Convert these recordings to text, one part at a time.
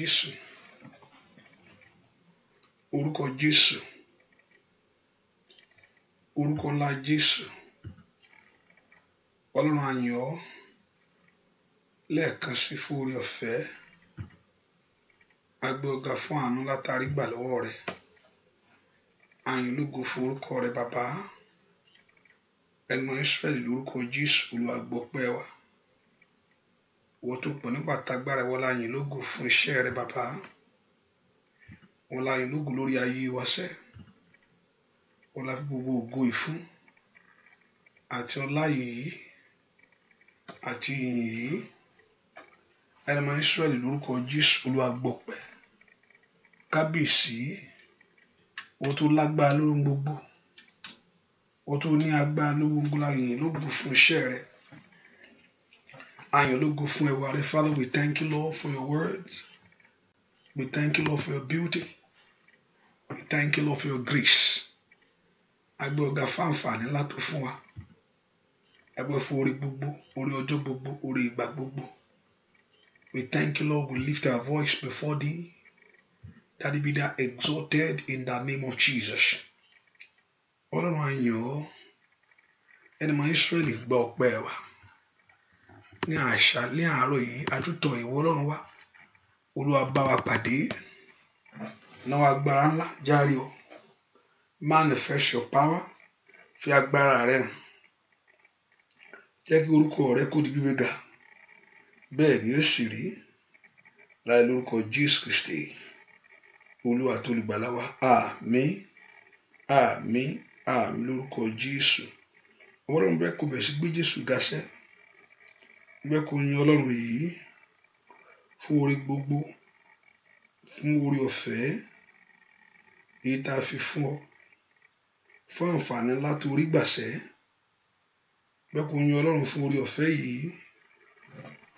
Jésù orúkọ Jésù orúkọ ńlá Jésù Ọlọ́run a yìn ọ́ lẹ́ẹ̀kan sí fún ọ̀fẹ́ a gbé ọ̀gá fún àánú látàrí gbà lọ́wọ́ rẹ̀ a yìn ológo fún orúkọ rẹ̀ bàbá ẹ̀gbọ́n Ísírẹ́lì lórúkọ Jésù Olúwa gbọpẹ́ wa wọ́n tún pọ̀ nígbà tágbára wọ́n láyìn lógo fún iṣẹ́ rẹ bàbá wọ́n láyìn lógo lórí ayé wa sẹ́ wọ́n láfi gbogbo ògo ìfún àti ọlá yìí àti ìyìn yìí ẹnìmọ̀ Ísírẹ́lì lórúkọ Jésù Olúwa kábíyèsí wọ́n tó lágbára lórí gbogbo wọ́n tó ní agbára lórí gbogbo láyìn lógo fún iṣẹ́ rẹ Ayologo Funeware. Father, we thank you, Lord, for your words. We thank you, Lord, for your beauty. We thank you, Lord, for your grace. Agbe ọ̀gá fáǹfààní ńlá tó fún wa. Ẹgbẹ́ fún orí gbogbo, orí ọjọ́ gbogbo, orí ìgbà gbogbo. We thank you, Lord. We lift our voice before thee. That it be that exalted in the name of Jesus. Ọlọ́run àyàn ẹni mọ̀ Ísírẹ́lì gbọ́ ọpẹ́ wa ní àṣálẹ́ àárọ̀ yìí adútọ̀ ìwọ ọlọ́run wa olúwa bá wa pàdé náwó agbára ńlá járe o manifest your power fi agbára rẹ hàn jẹ́ kí orúkọ rẹ kó di gbígbéga bẹ́ẹ̀ ni ó sì rí láì lórúkọ Jésù Kristi olúwa tó lùgbàlà wa àmín àmín àmín lórúkọ Jésù ọwọ́ lọ́run bẹ́ẹ̀ kó bẹ̀ sí gbé Jésù gaṣẹ́ gbẹ́kùn yin ọlọ́run yìí fún oore gbogbo fún oore ọ̀fẹ́ èyí tá a fi fún ọ fún àǹfààní ńlá tó rí gbàṣẹ́ gbẹ́kùn ọlọ́run fún oore ọ̀fẹ́ yìí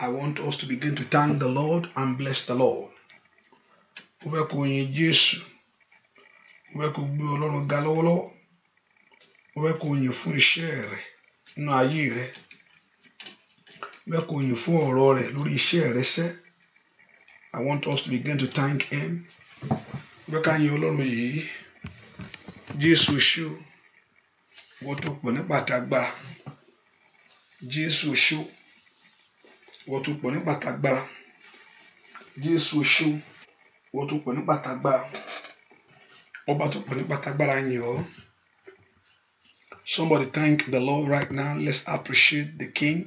I want us to begin to thank the Lord and bless the Lord mo fẹ́ kó yin Jésù mo fẹ́ kó gbé ọlọ́run ga lọ́wọ́lọ́wọ́ mo fẹ́ kó yin fún iṣẹ́ rẹ̀ nínú ayé rẹ̀ mẹ́kọ̀ọ́ yìn fún ọ̀rọ̀ rẹ̀ lórí iṣẹ́ rẹ sẹ́ I want us to begin to thank him gbẹ́ka yin ọlọ́run yìí Jésù ṣú wọ́n tó pọ̀ ní pàtàgbára Jésù ṣú wọ́n tó pọ̀ ní pàtàgbára Jésù ṣú wọ́n tó pọ̀ ní pàtàgbára ọba tó pọ̀ ní pàtàgbára yìn ọ́. Somebody thank the Lord right now. Let's appreciate the King.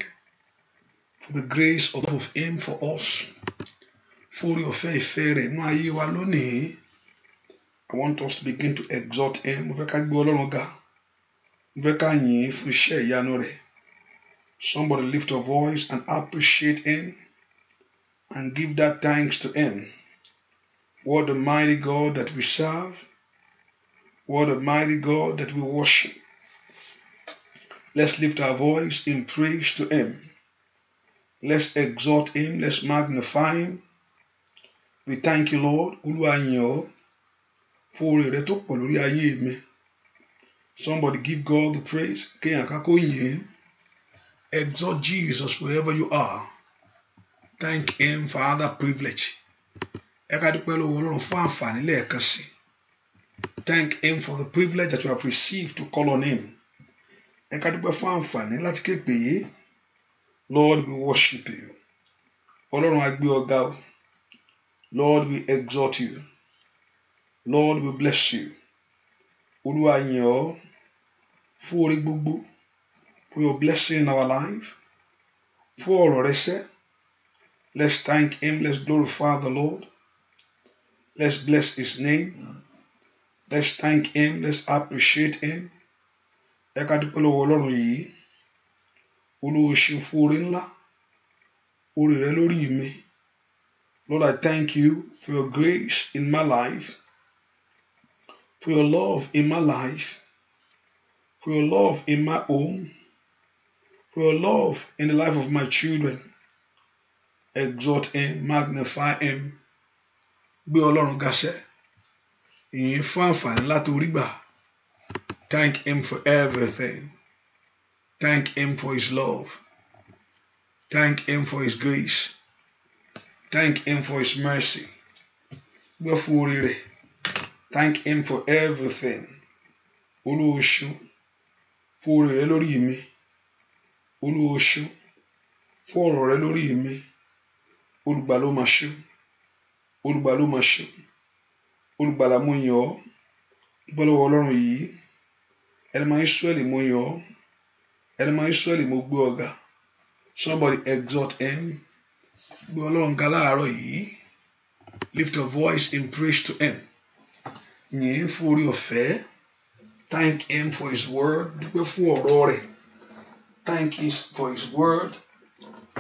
for the grace of, of Him for us. For your faith, rẹ̀ no ayé wa I want us to begin to exalt Him. Mo fẹ́ ká ga. Mo fẹ́ rẹ̀. Somebody lift your voice and appreciate Him and give that thanks to Him. What a mighty God that we serve. What a mighty God that we worship. Let's lift our voice in praise to Him. Let's exalt him. Let's magnify him. We thank you, Lord. Olúwa for ọ́ fún oore rẹ Somebody give God the praise. Kéèyàn ká kó yìn. Exalt Jesus wherever you are. Thank him for other privilege. Eka ká dúpẹ́ lọ́wọ́ Ọlọ́run fún àǹfààní Thank him for the privilege that you have received to call on him. Eka ká dúpẹ́ fún àǹfààní láti Lord, we worship you. Ọlọ́run a gbé ọ o. Lord, we exhort you. Lord, we bless you. Olúwa yìn ọ́ fún orí gbogbo for your blessing in our life. Fún ọ̀rọ̀ rẹ sẹ́. Let's thank him. Let's glorify the Lord. Let's bless his name. Let's thank him. Let's appreciate him. Ẹ ká dúpẹ́ lọ́wọ́ Ọlọ́run yìí olúwo ṣeun fún oore ńlá oore rẹ lórí mi lord i thank you for your grace in my life for your love in my life for your love in my home for your love in the life of my children exalt him magnify him gbé ọlọ́run gaṣẹ́ ìyìn fún àǹfààní láti orí gbà thank him for everything. Thank Him for His love. Thank Him for His grace. Thank Him for His mercy. Gbé fún orí rẹ̀. Thank Him for everything. Olúwa o ṣé fún orí rẹ̀ lórí mi. Olúwa o ṣé fún ọ̀rọ̀ rẹ̀ lórí mi. Olùgbà ló máa ṣe. Olùgbà ló máa ṣe. Olùgbàlà Ọlọ́run yìí. Ẹni máa ń Ísírẹ́lì mo yàn ẹnumọ Ísírẹ́lì mo gbé ọ̀gá somebody exhort him gbé Ọlọ́run ga láàárọ̀ yìí lift your voice in praise to him yìnyín fún orí ọ̀fẹ́ thank him for his word dúpẹ́ fún ọ̀rọ̀ rẹ̀ thank him for his word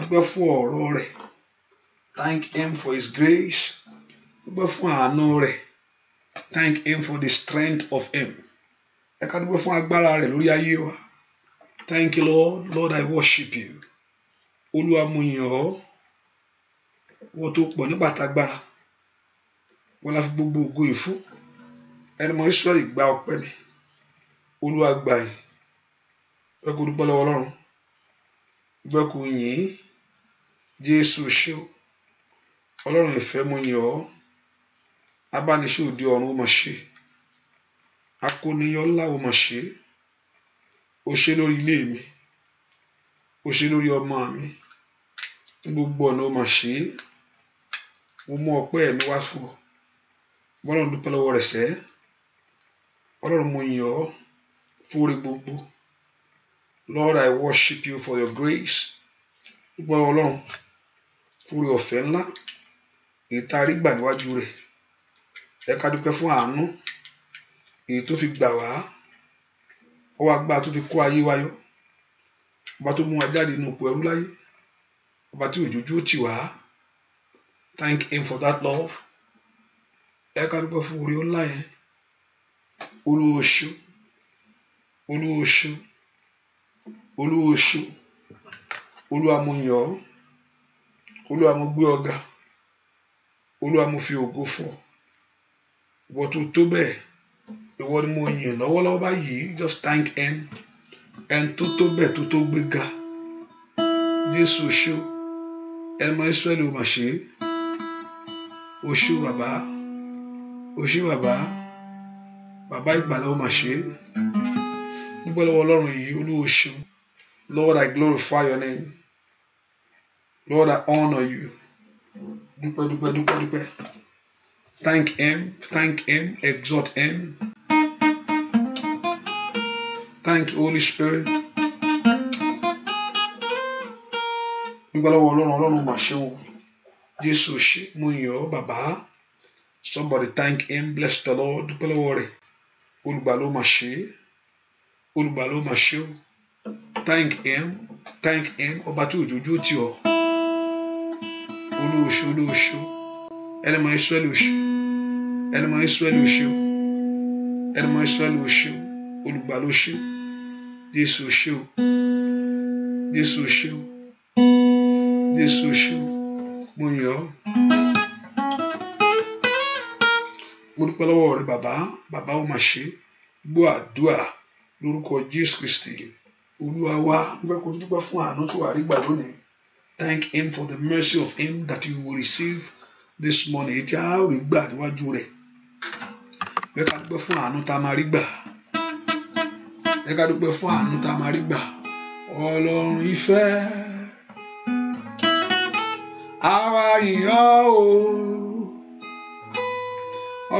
dúpẹ́ fún ọ̀rọ̀ rẹ̀ thank him for his grace dúpẹ́ fún àánú rẹ̀ thank him for the strength of him ẹ ká dúpẹ́ fún agbára rẹ̀ lórí ayé wa. Thank you, Lord. Lord, I worship you. Olúwa mo yìn ọ́. Wọ́n tó pọ̀ ní bàtàgbára. Wọ́n la fi gbogbo ògo yìí fún. Ẹni mọ Ísírẹ́lì gba ọpẹ́ mi. Olúwa gbà yìí. Bẹ́ẹ̀ kó dúpẹ́ lọ́wọ́ Ọlọ́run. Bẹ́ẹ̀ kó yìn Jésù ṣé o. Ọlọ́run ìfẹ́ mo yìn ọ́. Abániṣe òde ọ̀run ó mà ṣe. Akóniyọ́ ó mà ṣe o ṣe lórí ilé mi o ṣe lórí ọmọ mi ní gbogbo ọ̀nà o mà ṣe é mo mú ọpẹ́ mi wá fún ọ ọlọ́run dúpẹ́ lọ́wọ́ rẹ̀ sẹ́ ọlọ́run mo yìn ọ́ fún gbogbo Lord I worship you for your grace dúpẹ́ lọ́wọ́ ọlọ́run fún oore ọ̀fẹ́ ńlá èyí tá níwájú rẹ̀ ẹ dúpẹ́ fún àánú èyí tó fi gbà wá ó wá gbá tó fi kó ayé wa ọba tó mú wa jáde inú òpó ẹrú láyé ọba tí òjòjú ó tì wá thank him for that love ẹ ká dúpẹ́ fún orí ńlá yẹn olóòṣù olóòṣù olóòṣù olúwamúyọ olúwamúgbé ọ̀gá olúwamúfi ògo fọ̀ wọ́n tó tó bẹ́ẹ̀ ìwọ ni mo yìn lọ́wọ́lọ́wọ́ báyìí just thank him ẹni tó tó bẹ̀ tó tó gbé ga jésù ṣó ẹmọ israẹli ò mà ṣe o ṣó bàbá o ṣé bàbá bàbá ìgbàlà ò mà ṣe dúpẹ́ lọ́wọ́ ọlọ́run yìí olúwo ṣeun Lord I glorify your name Lord I honour you dúpẹ́ dúpẹ́ dúpẹ́ dúpẹ́ thank him thank him Exhort him. Thank you, Holy Spirit. Nígbàlọ́wọ́ ọlọ́run ọlọ́run mà ṣeun. Jésù ṣe mo yàn ọ́ bàbá. Somebody thank him, bless the Lord. Dúpẹ́lọ́wọ́ rẹ̀. Olùgbà ló mà ṣe. Olùgbà ló mà ṣe o. Thank him, thank him. Ọba tí òjòjú ti ọ. Olóòṣù olóòṣù. Ẹlẹ́mọ̀ Ísírẹ́lì òṣù. Ẹlẹ́mọ̀ Ísírẹ́lì òṣù. Ẹlẹ́mọ̀ Ísírẹ́lì òṣù. Olùgbà ló ṣe. Jésus o Jésù ṣé o Jésù ṣé o mo yàn ọ́ mo dúpẹ́ lọ́wọ́ rẹ bàbá bàbá ó mà ṣe gbọ́ àdúà lórúkọ Jésù Kristi Olúwa thank him for the mercy of him that you will receive this morning It's our a ó rí doing. níwájú rẹ̀ bẹ́ẹ̀ ká dúpẹ́ fún àánú ẹ ká dúpẹ́ fún àánú tá a máa rí gbà ọlọ́run ìfẹ́ àwa yìn o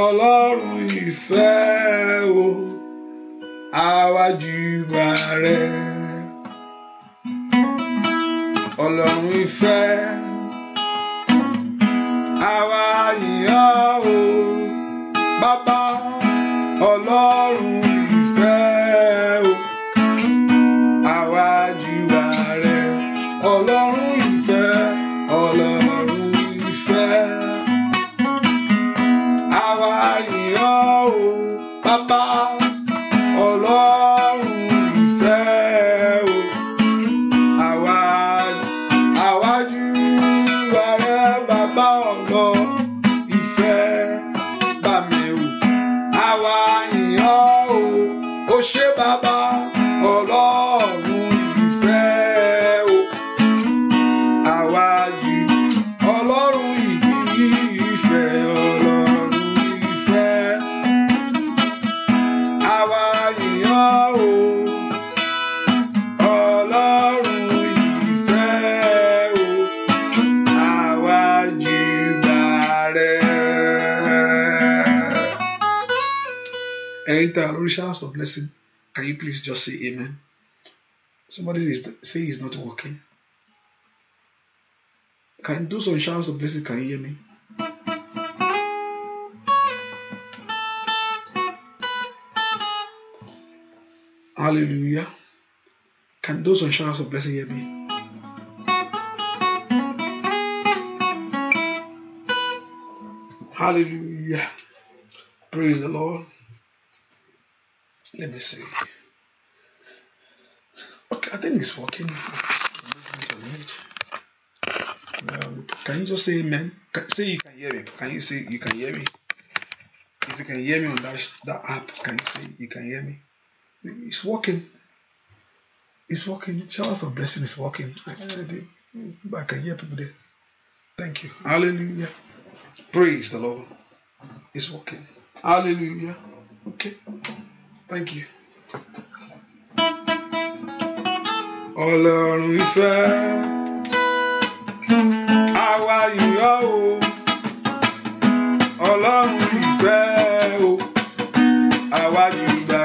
ọlọ́run ìfẹ́ o àwa júbà rẹ ọlọ́run ìfẹ́ àwa yìn ọ́. rich of blessing. Can you please just say amen? Somebody is say it's not working. Can do some shouts of blessing? Can you hear me? Hallelujah. Can those on showers of blessing hear me? Hallelujah. Praise the Lord. Let me see. Okay, I think it's working. Um, can you just say amen? say you can hear me. Can you say you can hear me? If you can hear me on that, that app, can you say you can hear me? It's working. It's working. Charles, of blessing is working. I, I, I can hear people there. Thank you. Hallelujah. Praise the Lord. It's working. Hallelujah. Okay. Thank you. Ọlọ́run ìfẹ́ àwa yìnyọ́ o Ọlọ́run ìfẹ́ o àwa yìnyín gbà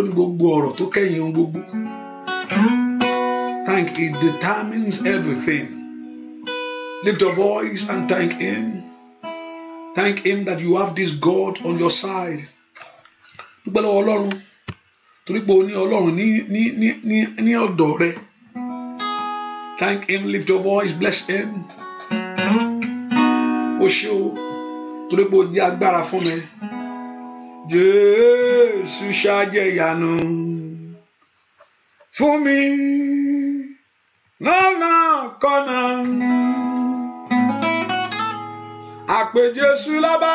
ló ní gbogbo ọ̀rọ̀ tó kẹ́yìn ohun gbogbo. Thank it determines everything. Lift your voice and thank Him. Thank Him that you have this God on your side. Dúpẹ́ lọ́wọ́ Ọlọ́run torí pé o ní Ọlọ́run ní ní ní ní ọ̀dọ̀ rẹ. Thank Him, lift your voice, bless Him. O ṣé o torí pé o jẹ́ agbára fún mi. Jésù ṣàjẹyanu fún mi lọ́nà kọ́nà. Àpè Jésù lábá.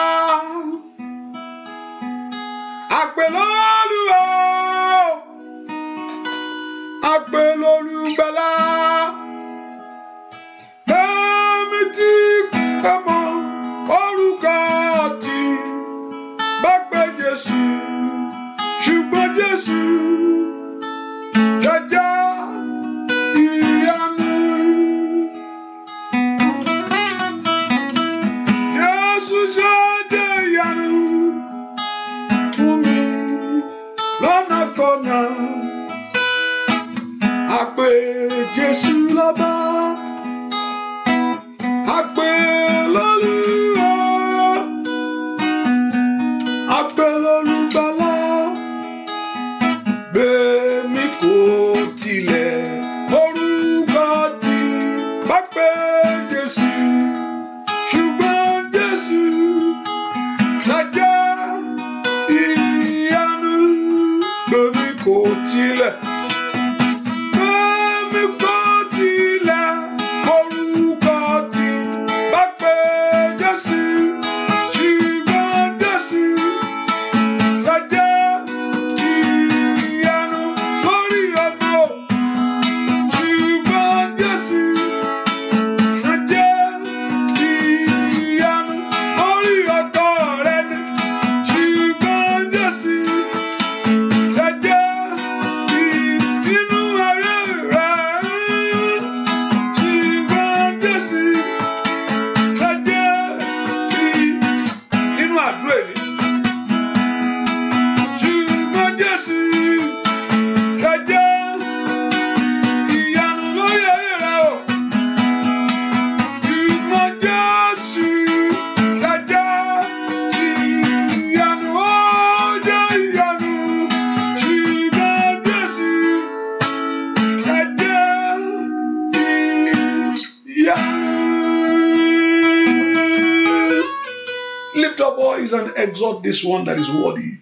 rejoice and exalt this one that is worthy.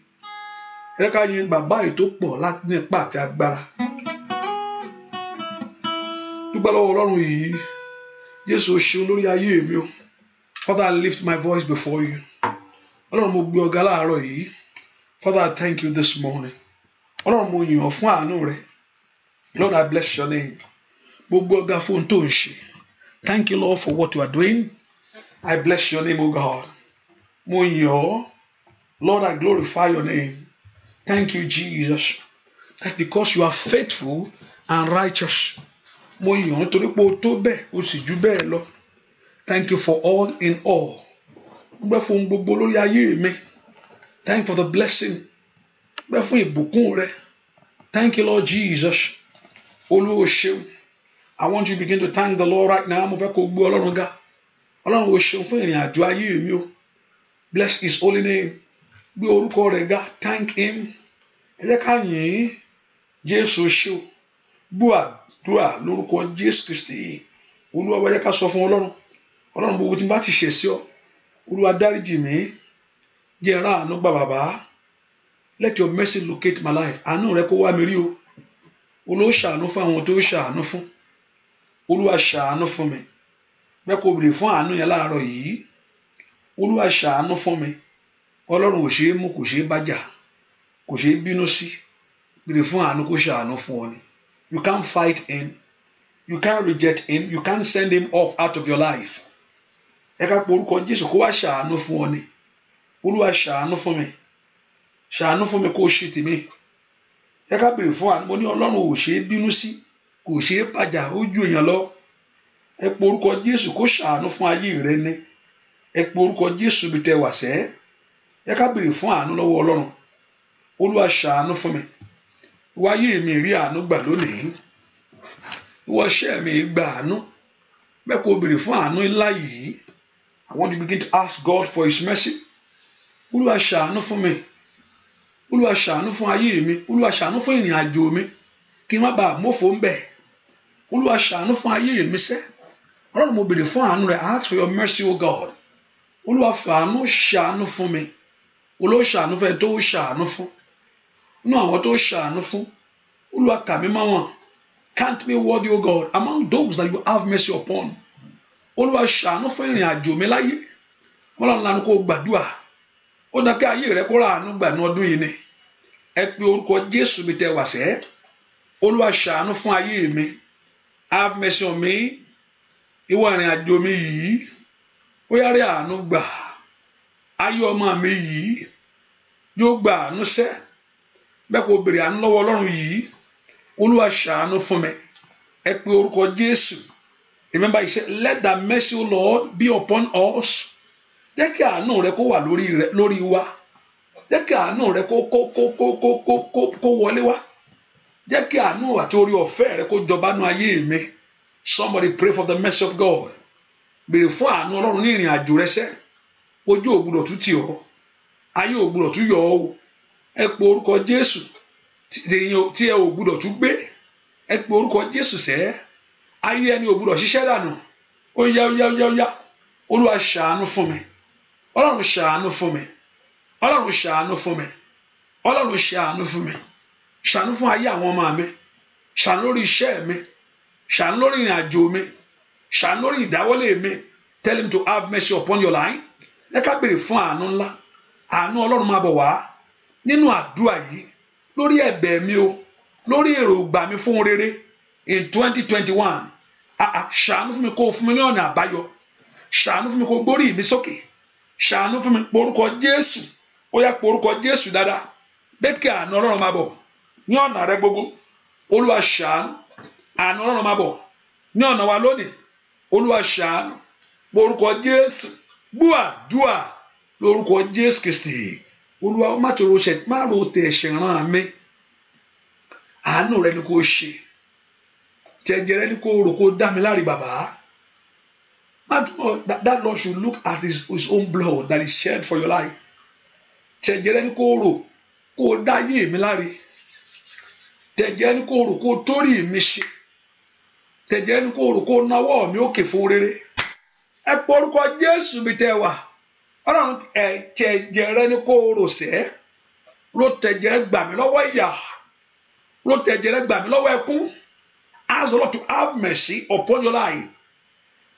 ẹ ká yin bàbá yìí tó pọ̀ láti nípa àti agbára. dúpẹ́ lọ́wọ́ ọlọ́run yìí jésù ṣeun lórí ayé mi o father i lift my voice before you ọlọ́run mo gbé ọ̀gá láàárọ̀ yìí father i thank you this morning ọlọ́run mo yìn ọ́ fún àánú rẹ lord i bless your name mo gbé ọ̀gá fún ohun tó ń ṣe thank you lord for what you are doing i bless your name o god Munyo, Lord I glorify your name thank you Jesus that because you are faithful and righteous Munyo, to thank you for all in all thank you for the blessing thank you Lord Jesus I want you to begin to thank the Lord right now mo fẹ́ kó gbé bless his holy name gbé orúkọ rẹ̀ ga thank him ẹ jẹ́ ká yìn ín jésù ṣó gbọ́ àdúrà lórúkọ jésù kristi olúwa wá jẹ́ ká sọ fún ọlọ́run ọlọ́run gbogbo tí n bá ti ṣẹ̀ sí ọ olúwa dáríjì mí jẹ́ àánú gbà bàbá let your mercy locate my life àánú rẹ kó wá mi rí o olóṣàánú fún àwọn tó ṣàánú fún olúwa ṣàánú fún mi bẹ́ẹ̀ bèrè fún àánú yẹn láàárọ̀ yìí olúwa ṣàánú fún mi ọlọ́run ò ṣeé mú kò ṣeé bájà kò ṣeé bínú sí gbèrè fún àánú kó ṣàánú fún ọ ni you can't fight him you can't reject him you can't send him off out of your life ẹ ká pe orúkọ jésù kó wá ṣàánú fún ọ ni olúwa ṣàánú fún mi ṣàánú fún mi kó ṣe tèmi ẹ ká béèrè fún àánú mo ní ọlọ́run ò ṣeé bínú sí kò ṣeé bàjà ó ju èèyàn lọ ẹ pe orúkọ jésù kó ṣàánú fún ayé rẹ ni ẹ orúkọ jésù bí tẹ wà sẹ́ yẹ ká béèrè fún àánú lọ́wọ́ ọlọ́run olúwa ṣàánú fún mi wáyé mi rí àánú gbà lónìí ìwọ ṣẹ́ mi gba àánú bẹ́ẹ̀ kó o fún àánú ńlá yìí I want to begin to ask God for his mercy olúwa ṣàánú fún mi olúwa ṣàánú fún ayé mi olúwa ṣàánú fún ìrìn àjò mi kí n má bàa mófo ń bẹ̀ olúwa ṣàánú fún ayé mi sẹ́ ọlọ́run mo béèrè fún àánú rẹ̀ ask for your mercy o God olúwa fàánú ṣàánú fún mi olúwa ṣàánú fún ẹni tó ṣàánú fún inú àwọn tó ṣàánú fún olúwa kà mí mọ́ wọn count me worthy o God among those that you have mercy upon olúwa ṣàánú fún ìrìn àjò mi láyé ọlọ́run lanu kó gbàdúrà ó dá kí ayé rẹ kó ràánú gbànú ọdún yìí ni ẹ pe orúkọ Jésù mi tẹ wá sẹ́ olúwa ṣàánú fún ayé mi have mercy on me ìwọ ìrìn àjò mi yìí bóyá rí àánú gbà ayé ọmọ mi yìí yóò gba àánú sẹ́ bẹ́ẹ̀ kò àánú ọlọ́run yìí olúwa ṣàánú fún mi ẹ orúkọ jésù remember he let that mercy o lord be upon us jẹ́ kí àánú rẹ kó wà lórí wa jẹ́ kí àánú rẹ kó kó kó kó kó kó kó kó wọlé wa kí àánú àti orí rẹ kó jọba ayé mi mercy of God. béèrè fún àánú ọlọ́run ní ìrìn àjò rẹ sẹ́ ojú ò gbúdọ̀ tún tì ọ́ ayé ò gbúdọ̀ tún yọ ọ́ o ẹ pe orúkọ jésù tí ẹ ò gbúdọ̀ tún gbé ẹ pe orúkọ jésù sẹ́ ayé ẹni ò gbúdọ̀ ṣiṣẹ́ dànù ó yá ó yá ó yá ó yá olúwa ṣàánú fún mi ọlọ́run ṣàánú fún mi ọlọ́run ṣàánú fún mi ọlọ́run ṣàánú fún mi ṣàánú fún ayé àwọn ọmọ mi ṣàánú lórí iṣẹ́ mi ṣàánú lórí ìrìn àjò mi ṣàánú lórí ìdáwọ́lé mi tell him to have mercy upon your life ẹ ká béèrè fún àánú ńlá àánú ọlọ́run máa bọ̀ wá nínú àdúrà yìí lórí ẹ̀bẹ̀ mi o lórí èròǹgbà mi fún rere in twenty twenty one ṣàánú fún mi kó fún mi ní ọ̀nà àbáyọ ṣàánú fún mi kó gbórí mi sókè ṣàánú fún mi porúkọ jésù ó yá porúkọ jésù dáadáa bẹ́ẹ̀ kí àánú ọlọ́run máa bọ̀ ní ọ̀nà rẹ gbogbo olúwa ṣàánú àánú ọlọ́run máa bọ̀ ní ọ̀nà wa lónìí olúwa ṣàánú lórúkọ jésù gbọ́ àdúà lórúkọ jésù kristi olúwa má tòrò ṣẹ má ro tẹ ẹ̀ṣẹ̀ ràn mí àánú rẹ ni kò ṣe tẹ̀jẹ̀ rẹ ni kò rò kó dá mi láre bàbá that Lord should look at his, his own blood that He shed for your life tẹ̀jẹ̀ rẹ ni kò rò kó dá yé mi láre tẹ̀jẹ̀ rẹ ni kò rò kó torí mi ṣe tẹ̀jẹ́ ní kó rò kó náwó mi ó kè fún rere ẹ pọ orúkọ Jésù mi tẹ wà ọlọ́run ẹ̀jẹ̀ ẹ̀jẹ̀ rẹ ní kó rò sẹ́ ro tẹ̀jẹ̀ rẹ gbà mí lọ́wọ́ ìyà ro tẹ̀jẹ̀ gbà mí lọ́wọ́ ẹkún ask Lord to have mercy upon your life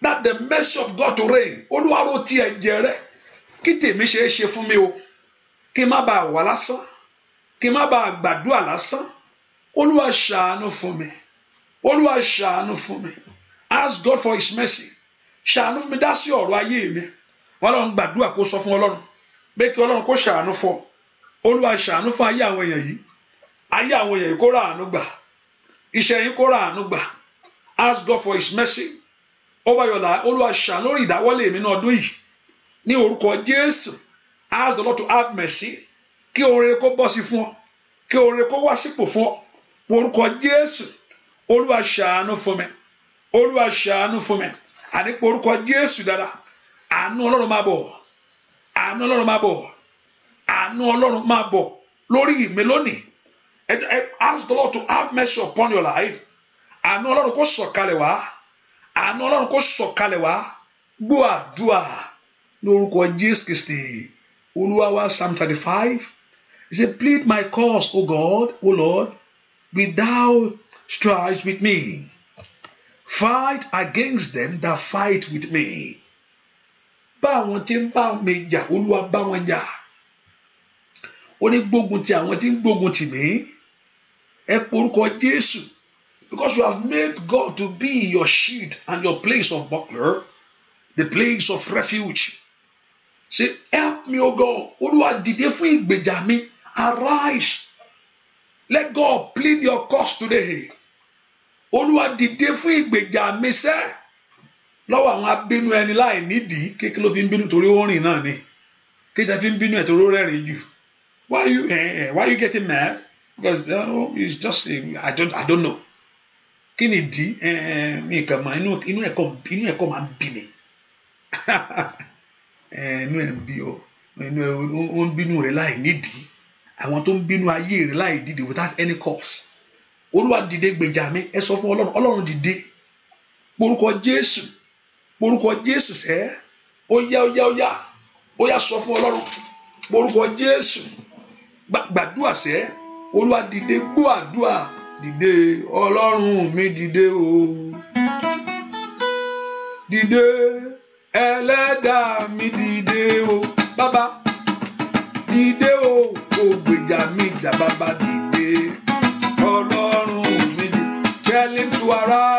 that the mercy of God to reign olúwa ro ti ẹ̀jẹ̀ rẹ kí tèmi ṣe é ṣe fún mi o kí n má bàa wà lásán kí n má bàa gbàdúrà lásán olúwa ṣàánú fún mi. olúwa ṣàánú fún mi ask God for his mercy ṣàánú fún mi dá sí ọ̀rọ̀ ayé mi wọn lọ́n gbàdúrà kó sọ fún ọlọ́run pé kí ọlọ́run kó ṣàánú fún fún ayé àwọn èèyàn yìí ayé àwọn èèyàn yìí kó ràánú gbà yìí kó ràánú God for his mercy olúwa ṣàánú lórí mi ní ọdún yìí ní orúkọ jésù ask the Lord to have mercy kí oore kó bọ́ sí ọ kí oore olúwa ṣàánú fún mi olúwa ṣàánú fún mi ànípò orúkọ jésù dára àánú ọlọ́run máa bọ̀ àánú ọlọ́run máa bọ̀ àánú ọlọ́run máa bọ̀ lórí mi lónìí ask the lord to have mercy upon your life àánú ọlọ́run kó sọ̀kalẹ̀ wá àánú ọlọ́run kó sọ̀kalẹ̀ wá gbọ́ àdúrà lórúkọ jésù kristi olúwa wa psalm thirty five he say plead my cause o god o lord without strives with me. Fight against them that fight with me. Bá àwọn tí ń bá mi jà, Olúwa bá wọn jà. Ó ní gbógun ti àwọn tí ń gbógun tì mí. Ẹ porúkọ Jésù. Because you have made God to be your shield and your place of buckler, the place of refuge. Say, help me, O God. Olúwa dìde fún ìgbèjà mi. Arise Let God plead your cause today. Olúwa dìde fún ìgbèjà mi sẹ́ lọ́wọ́ àwọn abínú ẹni láì nídìí kékeré ló fi ń bínú torí orin náà ni kéjà fi ń bínú ẹ̀ torí ó rẹ́rìn jù. Why you eh, eh why you getting mad? Because uh, it's just uh, I don't I don't know. Kí ni ìdí eh, eh, mi kàn máa inú inú ẹ̀kọ́ inú ẹ̀kọ́ máa ń bí mi. Inú ẹ̀ ń bí ọ inú ẹ̀ ń bínú rẹ̀ láì nídìí àwọn tó ń bínú ayé rẹ láì dìde without any cause olúwa dìde gbèjà mi ẹ sọ fún ọlọ́run ọlọ́run dìde porúkọ jésù porúkọ jésù sẹ́ ó yá ó yá ó yá ó yá sọ fún ọlọ́run porúkọ jésù gbàdúrà sẹ́ olúwa dìde gbọ́ àdúrà dìde ọlọ́run mi dìde o dìde ẹlẹ́dàá mi dìde o bàbá dìde ìjà bàbá dìde ọlọ́run mi ni tell him to arise.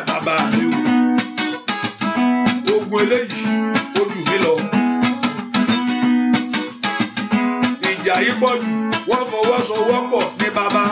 ìyá bàbá mi o ogun eléyìí ó jù mí lọ ìjà yìí pọ̀ jù wọ́n fọwọ́sowọ́pọ̀ ní bàbá.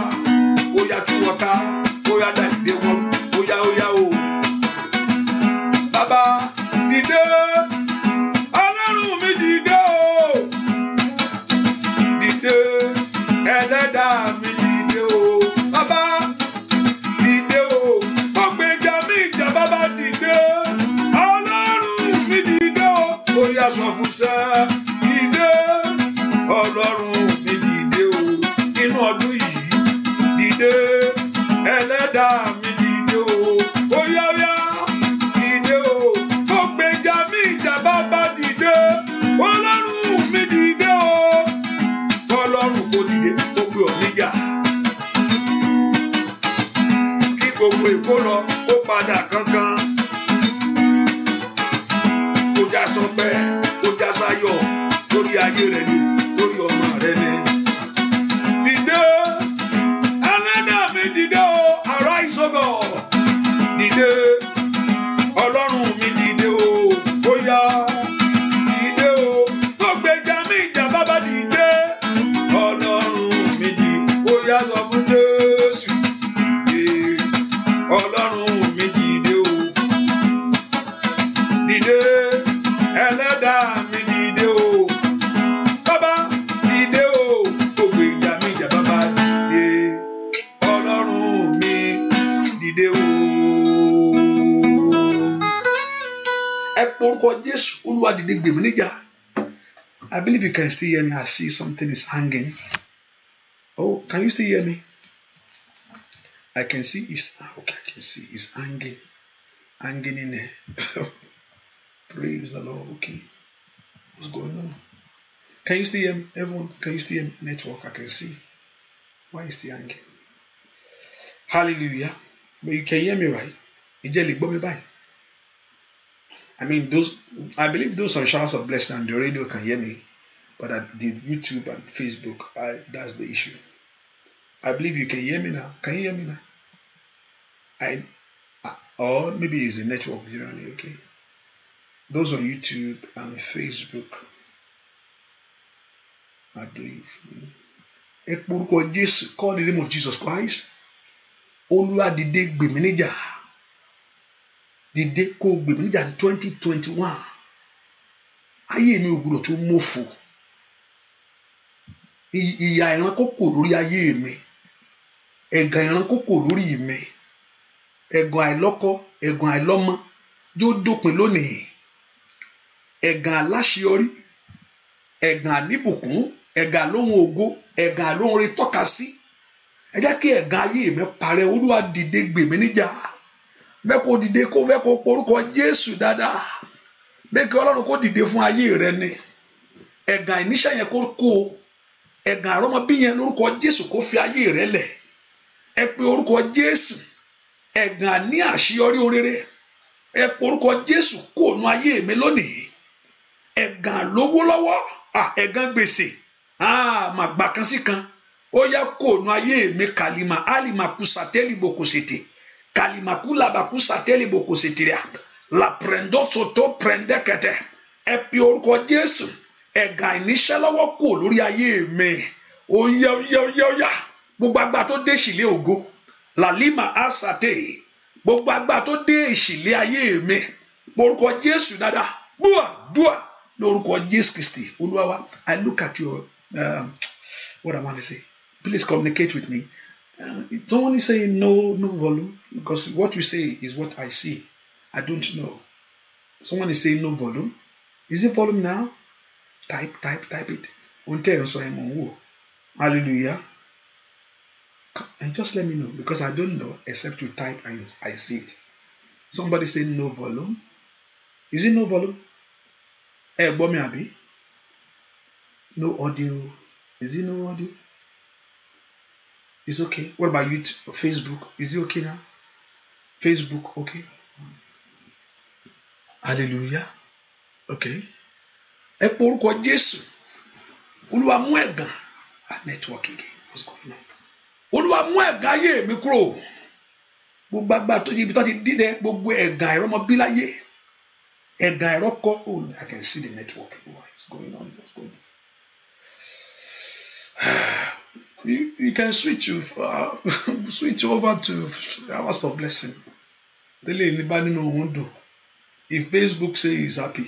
can still hear me? I see something is hanging. Oh, can you still hear me? I can see it's ah, okay. I can see it's hanging, hanging in there. Praise the Lord. Okay, what's going on? Can you still hear me? everyone? Can you still hear me? network? I can see. Why is the hanging? Hallelujah. But you can hear me right? I mean, those I believe those on shouts of blessing on the radio can hear me. But I did YouTube and Facebook. I that's the issue. I believe you can hear me now. Can you hear me now? I, or maybe it's the network generally. Okay. Those on YouTube and Facebook, I believe. Ẹ porúkọ Jésù call the name of Jesus Christ. Olúwa the day be manager. The day called be manager in 2021. Ayé mi ò gbọdọ̀ tó mọ̀fọ̀ ìyà ìranko kò lórí ayé mi ẹ̀gàn ìranko kò lórí mi ẹ̀gàn àìlọ́kọ ẹ̀gàn àìlọ́mọ yóò dópin lónìí ẹ̀gàn aláṣeyọrí ẹ̀gàn àníbùkún ẹ̀gàn lóhun ògo ẹ̀gàn lóhun rẹ tọ́ka sí ẹ jẹ́ kí ẹ̀gàn ayé mi parẹ́ olúwa dìde gbèmí níjà mẹ́kọ̀ọ́ dìde kó mẹ́kọ̀ọ́ porúkọ jésù dáadáa mẹ́kọ̀ọ́ ọlọ́run kó dìde fún ayé rẹ ni ẹ̀gàn ìníṣẹ́ yẹn kó kó o ẹ̀gàn àrọ́mọbí yẹn lórúkọ Jésù kó fi ayé rẹ lẹ̀ ẹ pe orúkọ Jésù ẹ̀gàn àní àṣeyọrí oréré ẹ pe orúkọ Jésù kó ònú ayé mi lónìí ẹ̀gàn lówó lọ́wọ́ ẹ̀gàn gbèsè màgbà kan sí kan ó yá kó ònú ayé mi kàlímà alimakusa tẹ́lìbò kò sètè kàlímàkú làbàkúsa tẹ́lìbò kò sètè rà làpẹ̀ndọ́sọ̀tọ̀ ẹ pe orúkọ Jésù ẹ̀gàn àìníṣẹ́ lọ́wọ́ kò lórí ayé mi ó yá yá yá yá gbogbo agbá tó dé ìṣìlẹ ògo làlímà àṣàtẹ gbogbo agbá tó dé ìṣìlẹ ayé mi orúkọ Jésù dáadáa dùà dùà lórúkọ Jésù Kristi Olúwa I look at your um, what am I to say please communicate with me uh, don't only say no no volume because what you say is what I see I don't know someone is saying no volume is it volume now type type type it ohun tẹ́ ẹ̀ ń sọ ẹ̀ hallelujah and just let me know because I don't know except you type and I see it somebody say no volume is it no volume ẹ gbọ́ mi no audio is it no audio it's okay what about you Facebook is it okay now Facebook okay hallelujah okay ẹ pé orúkọ jésù olúwa mú ẹ̀gàn ah network again what's going on olúwa mú ẹ̀gàn ayé mi kúrò gbogbo agbára tó yẹ ibi tó ti dídẹ gbogbo ẹ̀gàn ẹ̀rọ ọmọ bí láyé ẹ̀gàn ẹ̀rọ kọ́ oh i can see the network what's going on what's going on you, you can switch you uh, switch over to hours of blessing délé ìlú bá nínú òun dùn if facebook say he is happy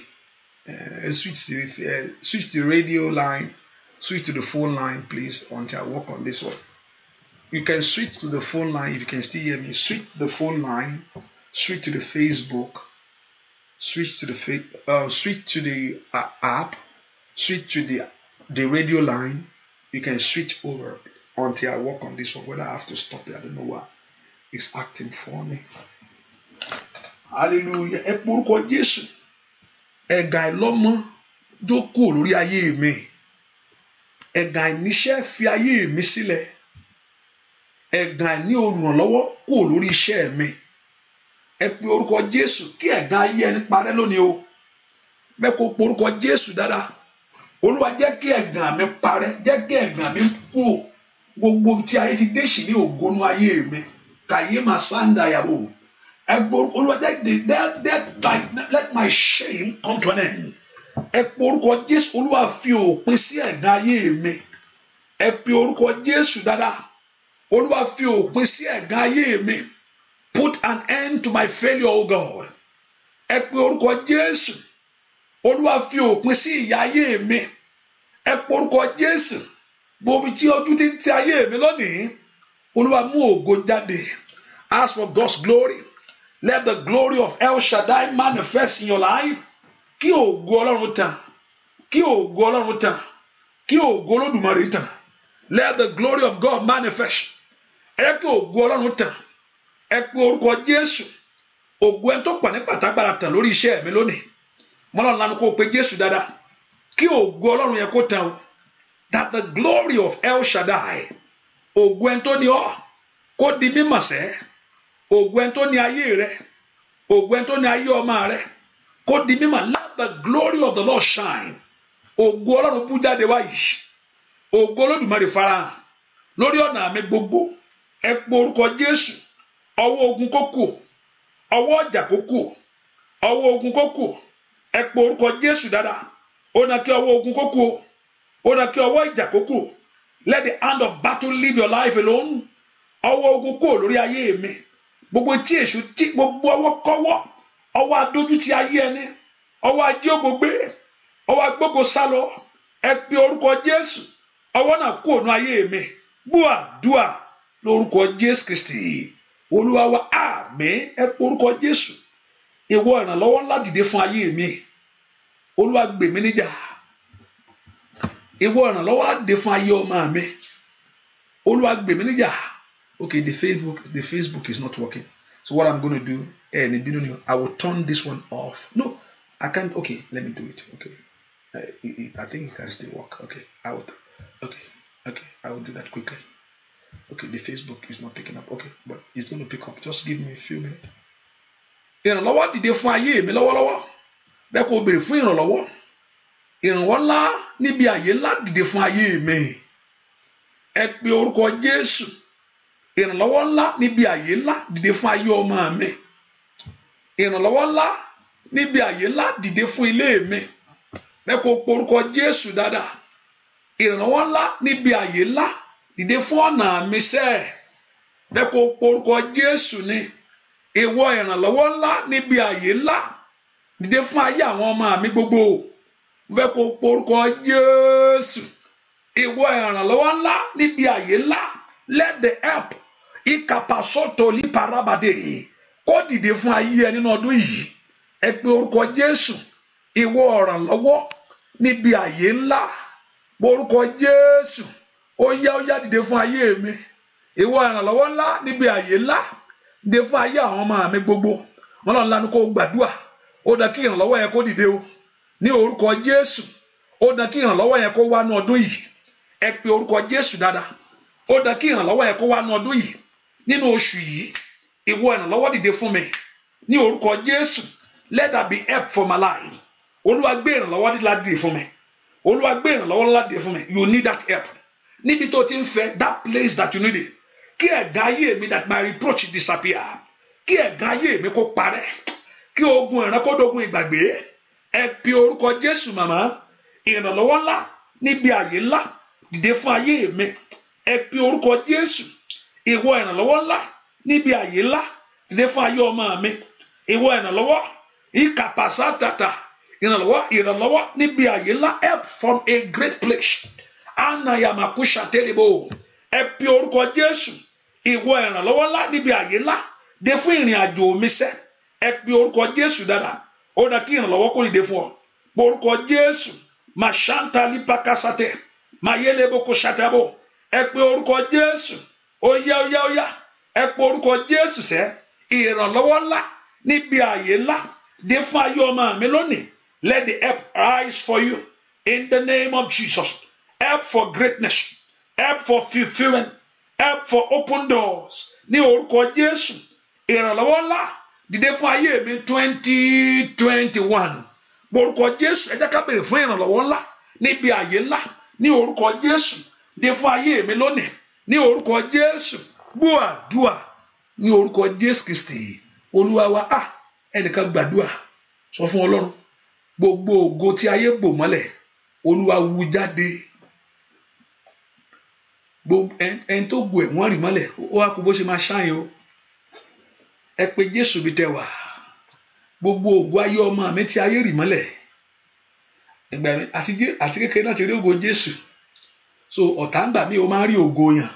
uh, switch the uh, switch the radio line, switch to the phone line, please, until I work on this one. You can switch to the phone line if you can still hear me. Switch the phone line, switch to the Facebook, switch to the uh, switch to the uh, app, switch to the the radio line. You can switch over until I work on this one. Whether I have to stop it, I don't know why. It's acting funny. Hallelujah. ẹ̀gà ìlọ́mọ jókòó lórí ayé mi ẹ̀gà ìníṣẹ́ fi ayé mi sílẹ̀ ẹ̀gà ìní olùrànlọ́wọ́ kò lórí iṣẹ́ mi ẹ pe orúkọ Jésù kí ẹ̀gà ayé ẹni parẹ́ lónìí o bẹ́ẹ̀ pe orúkọ Jésù dáadáa Olúwa jẹ́ kí mi parẹ́ jẹ́ kí mi gbogbo tí ayé ti dé sí ní ayé mi kàyé yàrá òun. that, that, that, let my shame come to an end. ẹ pe orúkọ Jésù Olúwa fi òpin sí ẹ̀gàn ayé mi ẹ pe orúkọ Jésù dáadáa Olúwa fi òpin sí ẹ̀gàn ayé mi put an end to my failure o God ẹ pe orúkọ Jésù Olúwa fi òpin sí ìyà ayé mi ẹ pe orúkọ Jésù gbogbo tí ojú ti ń ti ayé mi lónìí Olúwa mú ògo jáde ask for God's glory. Let the glory of El Shaddai manifest in your life. Kí ògo Ọlọ́run tàn. Kí ògo Ọlọ́run tàn. Kí ògo Olódùmarè tàn. Let the glory of God manifest. Ẹ kí ògo Ọlọ́run tàn. Ẹ pe orúkọ Jésù. Ògo ẹni tó pà ní pàtàgbára tàn lórí iṣẹ́ mi lónìí. Mọ́lá ńlá ni kó o pe Jésù dáadáa. Kí ògo Ọlọ́run yẹn kó tàn o. That the glory of El Shaddai. Ògo ẹni tó ní ọ kó di mímọ̀ sẹ́ẹ́. ògùn ẹni tó ní ayé rẹ ògùn ẹni tó ní ayé ọmọ rẹ kó di mímọ̀ let the glory of the Lord shine ògùn ọlọ́run bú jáde wáyìí ògùn olódùmarè farahàn lórí ọ̀nà àmì gbogbo ẹ pé orúkọ Jésù ọwọ́ ogun kókò ọwọ́ ọjà kókò ọwọ́ ogun kókò ẹ pé orúkọ Jésù dáadáa ó kí ọwọ́ ogun kókò ó kí ọwọ́ ìjà kókò let the hand of battle live your life alone ọwọ́ ogun kò lórí ayé mi gbogbo tí èṣù tí gbogbo ọwọ́ kọ́wọ́ ọwọ́ adójú ti ayé ẹni ọwọ́ ajé ògbógbé ọwọ́ agbógo sálọ ẹ pe orúkọ Jésù ọwọ́ náà kú ònú ayé mi gbúà dùà lórúkọ Jésù Kristi Olúwa wa àmín ẹ pe orúkọ Jésù ìwọ ìrànlọ́wọ́ ńlá fún ayé mi Olúwa gbè mí níjà ìwọ ìrànlọ́wọ́ á fún ayé ọmọ mi Olúwa gbè mí níjà. okay the facebook the facebook is not working so what i'm going to do and eh, i will turn this one off no i can't okay let me do it okay uh, i think it can still work okay i would okay okay i will do that quickly okay the facebook is not picking up okay but it's going to pick up just give me a few minutes ìrànlọ́wọ́ dìde fún ayé mi lọ́wọ́lọ́wọ́ bẹ́ẹ̀ kò béèrè fún ìrànlọ́wọ́ ìrànwọ́ ńlá níbi àyè ńlá dìde fún ayé mi ẹ pe orúkọ jésù ìrànlọ́wọ́ ńlá níbi àyè ńlá fún ayé ọmọ mi ìrànlọ́wọ́ ńlá níbi àyè ńlá dìde fún ilé mi mẹ́kò porúkọ Jésù dáadáa ìrànlọ́wọ́ ńlá níbi àyè ńlá fún ni ìwọ ìrànlọ́wọ́ ńlá níbi àyè ayé àwọn ọmọ mi gbogbo mẹ́kò porúkọ Jésù ìwọ ìrànlọ́wọ́ ńlá níbi let the help ìkàpàsọ́tò líparabàdé kó dìde fún ayé ẹ nínú ọdún yìí ẹ pé orúkọ Jésù ìwọ ọ̀ràn lọ́wọ́ níbi àyè ńlá orúkọ Jésù ó yá ó yá dìde fún ayé mi ìwọ ìrànlọ́wọ́ ńlá níbi àyè ńlá dìde fún ayé àwọn ọmọ mi gbogbo wọn náà ńlá ni kò gbàdúrà ó dàn kí ìrànlọ́wọ́ yẹn kó dìde o ní orúkọ Jésù ó dàn kí ìrànlọ́wọ́ yẹn kó wá ní ọdún yìí ẹ pé orúkọ Jésù dáadáa ó dàn kí ìrànlọ́wọ́ yẹn kó wá ní ọdún yìí nínú oṣù yìí ìwọ ìrànlọ́wọ́ dìde fún mi ní orúkọ Jésù let that be help for my life olúwa gbé ìrànlọ́wọ́ ńlá dìde fún mi olúwa gbé ìrànlọ́wọ́ ńlá dìde fún mi you need that help níbi tó ti ń fẹ́ that place that you need it kí ẹ̀gá ayé mi that my reproach disappear kí ẹ̀gá ayé mi kó parẹ́ kí ogun ìran kó dogun ìgbàgbé ẹ pe orúkọ Jésù màmá ìrànlọ́wọ́ ńlá níbi àyè ńlá dìde fún ayé mi ẹ pe orúkọ Jésù ìwọ ìrànlọ́wọ́ ńlá níbi àyè ńlá fún ayé ọmọ mi ìwọ ìrànlọ́wọ́ ìkàpàṣà tàtà ìrànlọ́wọ́ ìrànlọ́wọ́ níbi àyè ńlá help from a great place anayamakusha tẹlẹbọ ẹ orúkọ Jésù ìwọ ńlá níbi ńlá dé fún ìrìn àjò sẹ orúkọ Jésù ó dà kí kò lè dé fún ọ Jésù ó yá ó yá ó yá ẹ pọ orúkọ jésù sẹ ìrànlọ́wọ́ ńlá níbi ààyè ńlá dé fún ayé ọmọ mi lónìí let the help rise for you in the name of jesus help for greatness help for fulfilment help for open doors ní orúkọ jésù ìrànlọ́wọ́ ńlá dìde fún ayé mi twenty twenty one orúkọ jésù ẹ jẹ́ ká béèrè fún ìrànlọ́wọ́ ńlá níbi ààyè ńlá ní orúkọ jésù dìde fún ayé mi lónìí ní orúkọ Jésù gbọ́ àdúà ní orúkọ Jésù Kristi olúwa wa a ah, ẹnìkan gbàdúà sọ fún Ọlọ́run gbogbo ògo tí ayé bò mọ́lẹ̀ olúwa wú jáde ẹni tó gu ẹ̀ wọ́n rì mọ́lẹ̀ ó wá kó bó ṣe máa ṣáàyàn o ẹ pé Jésù bí tẹ wà gbogbo ògo ayé ọmọ mi tí ayé rì mọ́lẹ̀ àti kékeré náà ti rí ògo Jésù so ọ̀tá ń gbà mí o máa ń rí ògo yàn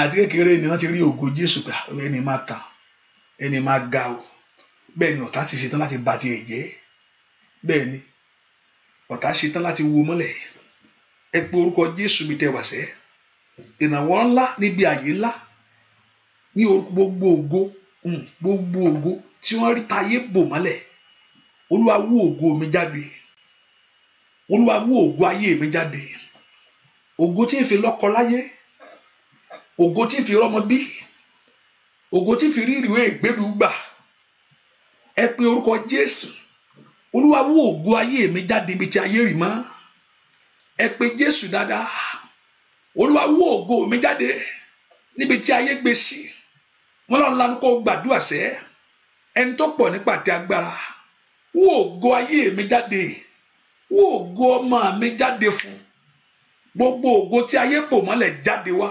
àti kékeré ni wọ́n ti rí ògo Jésù gbà ah, ẹni máa tàn ẹni máa ga o bẹ́ẹ̀ ni ọ̀tá ti ṣetán láti bà tiẹ̀ jẹ́ bẹ́ẹ̀ ni ọ̀tá ṣetán láti wo mọ́lẹ̀ ẹ pé orúkọ Jésù mi tẹ wá sẹ́ ìrànwọ́ ńlá níbi àyè ńlá ní gbogbo ògo gbogbo ògo tí wọ́n rí tayé bò mọ́lẹ̀ olúwa wú ògo mi jáde olúwa wú ògo ayé mi jáde ògo tí ń fi lọ́kọ láyé ògo tí fi rọmọ bí ògo tí fi rírìwé ìgbélu gbà ẹ pe orúkọ Jésù olúwa wú ògo ayé mi jáde ibi tí ayé rì mọ́ ẹ pe Jésù dáadáa olúwa wú ògo mi jáde níbi tí ayé gbé sí wọn lọ lanu kó gbàdúrà sẹ ẹni tó pọ̀ nípa àti agbára wú ògo ayé mi jáde wú ògo ọmọ mi jáde fún gbogbo ògo tí ayé pò mọ́lẹ̀ jáde wá.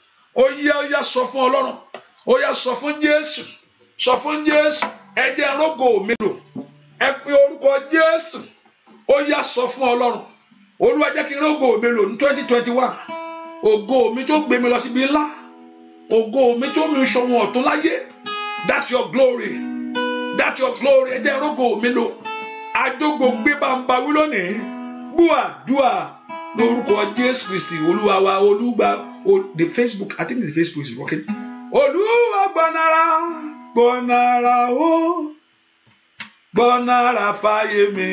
ó yá ó yá sọ fún ọlọ́run ó yá sọ fún jésù sọ fún jésù ẹ jẹ́ rógò mi lò ẹ pe orúkọ jésù ó yá sọ fún ọlọ́run olúwa jẹ́ kí rógò mi lò ní twenty twenty one ògo mi tó gbé mi lọ síbi ńlá ògo mi tó mi ṣọ̀wọ́n ọ̀tún láyé that your glory that your glory ẹ jẹ́ rógò mi lò àjọgbò gbé bàǹbà wí lónìí gbúà dùà lórúkọ jésù kristi olúwa wa olúgbà oh, the Facebook, I think the Facebook is working. Olúwa gbọ́nara gbọ́nara o gbọ́nara fáyé mi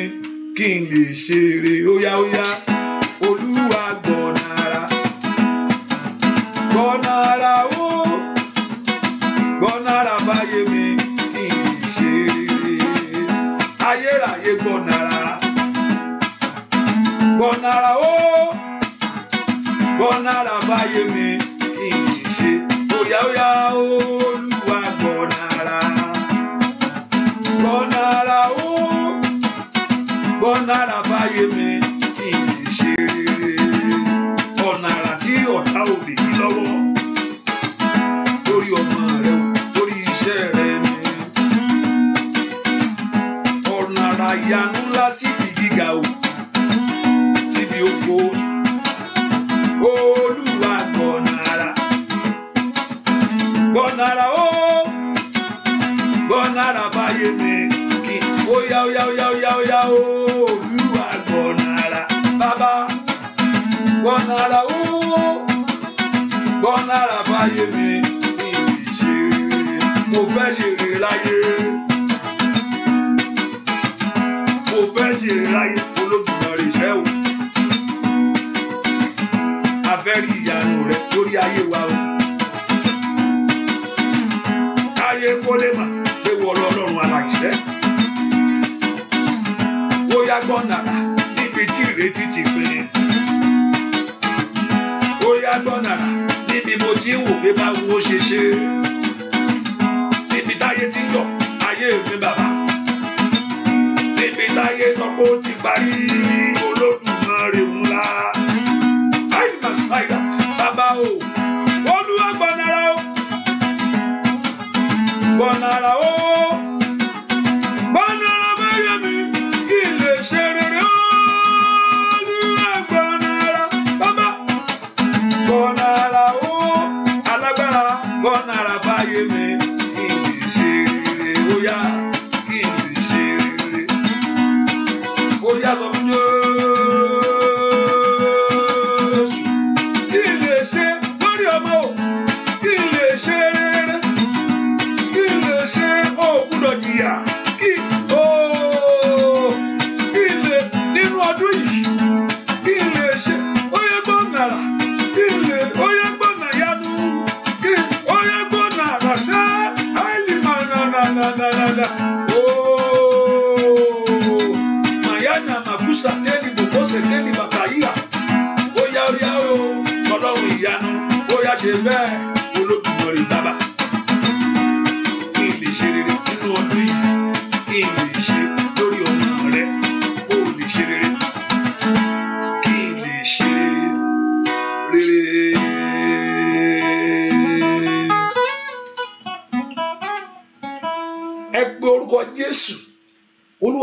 kí n lè ṣeré óyá óyá Olúwa gbọ́nara gbọ́nara o gbọ́nara fáyé mi kí n lè ṣeré ayérayé gbọ́nara gbọ́nara o bọ́ náírà báyé mi kí n lè ṣe óyá óyá olúwa gbọ́ náírà gbọ́ náírà ó gbọ́ náírà báyé mi kí n ṣe rere ọ̀nà tí ọ̀tá ò lè yí lọ́wọ́.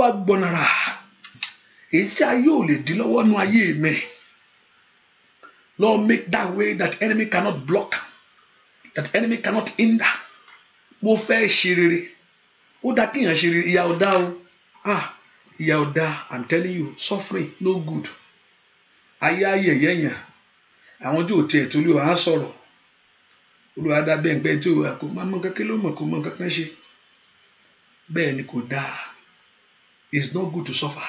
wá gbọnara èyí a ayé ò lè dí lọ́wọ́ nú ayé mi Lord make that way that enemy cannot block that enemy cannot hinder mo fẹ́ ṣe rere ó dá kéèyàn ṣe rere ìyà ò o ah ìyà ò i'm telling you suffering no good ayé ayé yẹ̀yẹ̀ àwọn tí ò tiẹ̀ tó lé wa á sọ̀rọ̀ olùwádàá bẹ́ẹ̀ ń gbẹ́ tí ò má mọ kankan ló mọ̀ kó mọ kankan ṣe bẹ́ẹ̀ ni kò dáa it's not good to suffer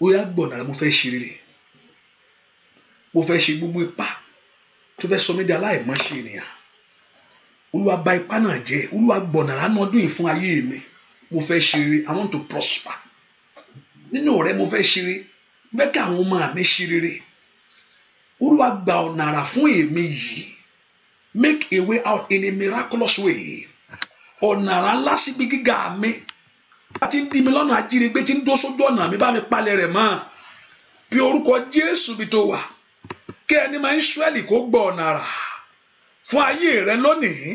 ó yá gbọ̀nà rẹ mo fẹ́ ṣe rere mo fẹ́ ṣe gbogbo ipá tó fẹ́ sọ mí di aláìmọ́ṣe ènìyàn olúwa bà ipá náà jẹ́ olúwa gbọ̀nà lánàá ọdún yìí fún ayé mi mo fẹ́ ṣe rere i want to prosper nínú rẹ mo fẹ́ ṣe rere mẹ́kà àwọn ọmọ mi ṣe rere olúwa gba ọ̀nà àrà fún èmi yìí make a way out in a miraculous way ọ̀nà àrà ńlá síbi gíga mi bá ti ń dí mi lọ́nà ajínigbé ti ń dó sójú ọ̀nà mi bá mi palẹ̀ rẹ̀ mọ́ bí orúkọ Jésù bí tó wà kí ẹni máa ń ṣúẹ́lì kó gbọ́ ọ̀nà rà fún ayé rẹ lónìí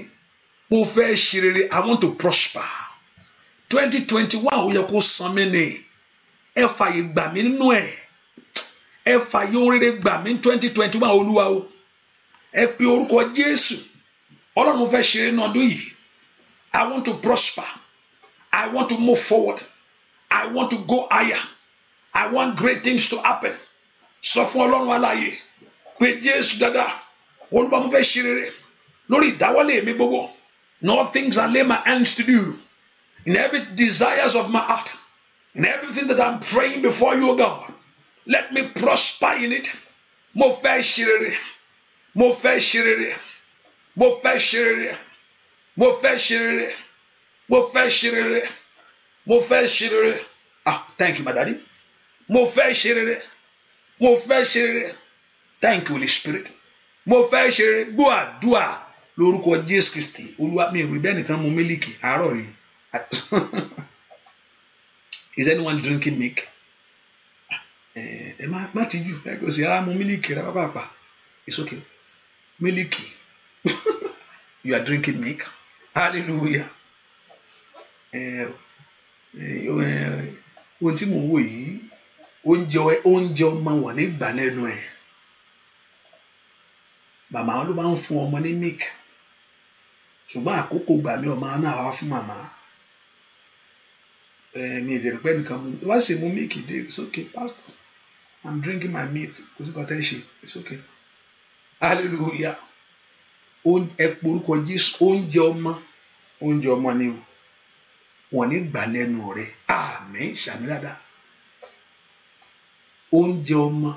mo fẹ́ ṣe rere I want to prosper twenty twenty one ó yẹ kó san mí ni ẹ fàyè gbà mí nínú ẹ ẹ fàyè ohun rere gbà mí twenty twenty one olúwa o ẹ pe orúkọ Jésù ọlọ́run fẹ́ ṣe rere nínú ọdún yìí I want to prosper. I want to move forward. I want to go higher. I want great things to happen. Sọ for long while I Jésù dáadáa Olúwa mo fẹ́ ṣe rere lórí ìdáwọ́lé mi gbogbo. No things I lay my hands to do. In every desires of my heart, in everything that I'm praying before you, God, let me prosper in it. Mo fẹ́ more rere. Mo fẹ́ more rere. Mo Mo mo fẹ́ ṣe rere mo fẹ́ ṣe rere ah thank you my daddy mo fẹ́ ṣe rere mo fẹ́ ṣe rere thank you holy spirit mo fẹ́ ṣe rere gbọ́ àdúà lórúkọ jésù kristi olúwa mi rí bẹ́ẹ̀ nìkan mu mílíkì àárọ̀ rí is anyone drinking milk ẹ eh, eh, má ti jù ẹ kò sí ara mu mílíkì rẹ pápápá it's okay mílíkì you are drinking milk hallelujah. ohun tí mò ń wò yìí oúnjẹ oúnjẹ ọmọ wọn ní gbà lẹ́nu ẹ̀ màmá ló máa ń fún ọmọ ní milk ṣùgbọ́n àkókò gbà mí ọmọ náà wá fún màmá mi ìdẹ̀rù pẹ́ nìkan mú wá sì mú milk pastor i'm drinking my milk kò sí kọ́tẹ́ ṣe it's okay hallelujah ẹ porúkọ jésù oúnjẹ ọmọ ni o. wọn ní gbà lẹ́nu rẹ àmín sàmì dáadáa oúnjẹ ọmọ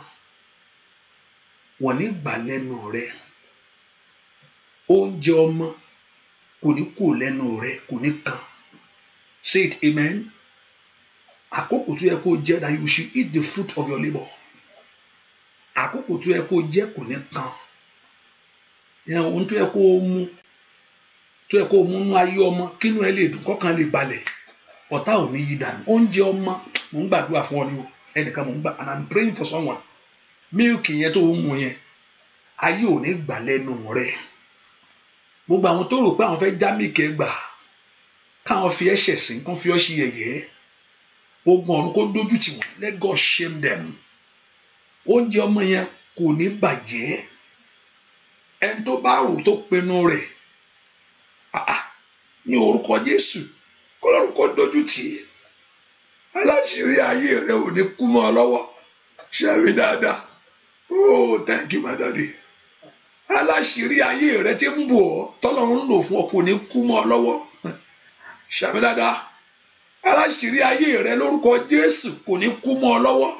wọn ní gbà lẹ́nu rẹ oúnjẹ ọmọ kò ní kú lẹ́nu rẹ kò ní kàn say amen àkókò tó yẹ kó jẹ that you should eat the fruit of your labour àkókò tó yẹ kó jẹ kò ní kàn ohun tó yẹ kó mu tó yẹ kó mú nú ayé ọmọ kínú ẹ lè dùn kọ́kàn lè balẹ̀ ọ̀tá ò ní yí dànù oúnjẹ ọmọ mò ń gbàdúrà fún ọ ni o ẹnìkan mò ń gbà and I'm praying for someone mílìkì yẹn tó ń mu yẹn ayé ò ní gbà lẹ́nu rẹ̀ gbogbo àwọn tó rò pé àwọn fẹ́ já mílìkì ẹ gbà káwọn fi ẹ̀ṣẹ̀ sí kán fi ọ́ ṣe yẹ̀yẹ́ ogun ọ̀run kó dójú tì wọ́n let God shame them oúnjẹ ọmọ yẹn kò ní bàjẹ́ ẹni tó bá rò tó pinnu rẹ̀ ní orúkọ Jésù kọlọ́run kó dojú tì í aláṣìírí ayé rẹ ò ní kú oh, thank you ayé ti ń bò ọ ń lò fún ọ kò ní kú mọ́ lọ́wọ́ jesu dáadáa aláṣìírí ayé rẹ lórúkọ Jésù kò ní kú mọ́ ọ lọ́wọ́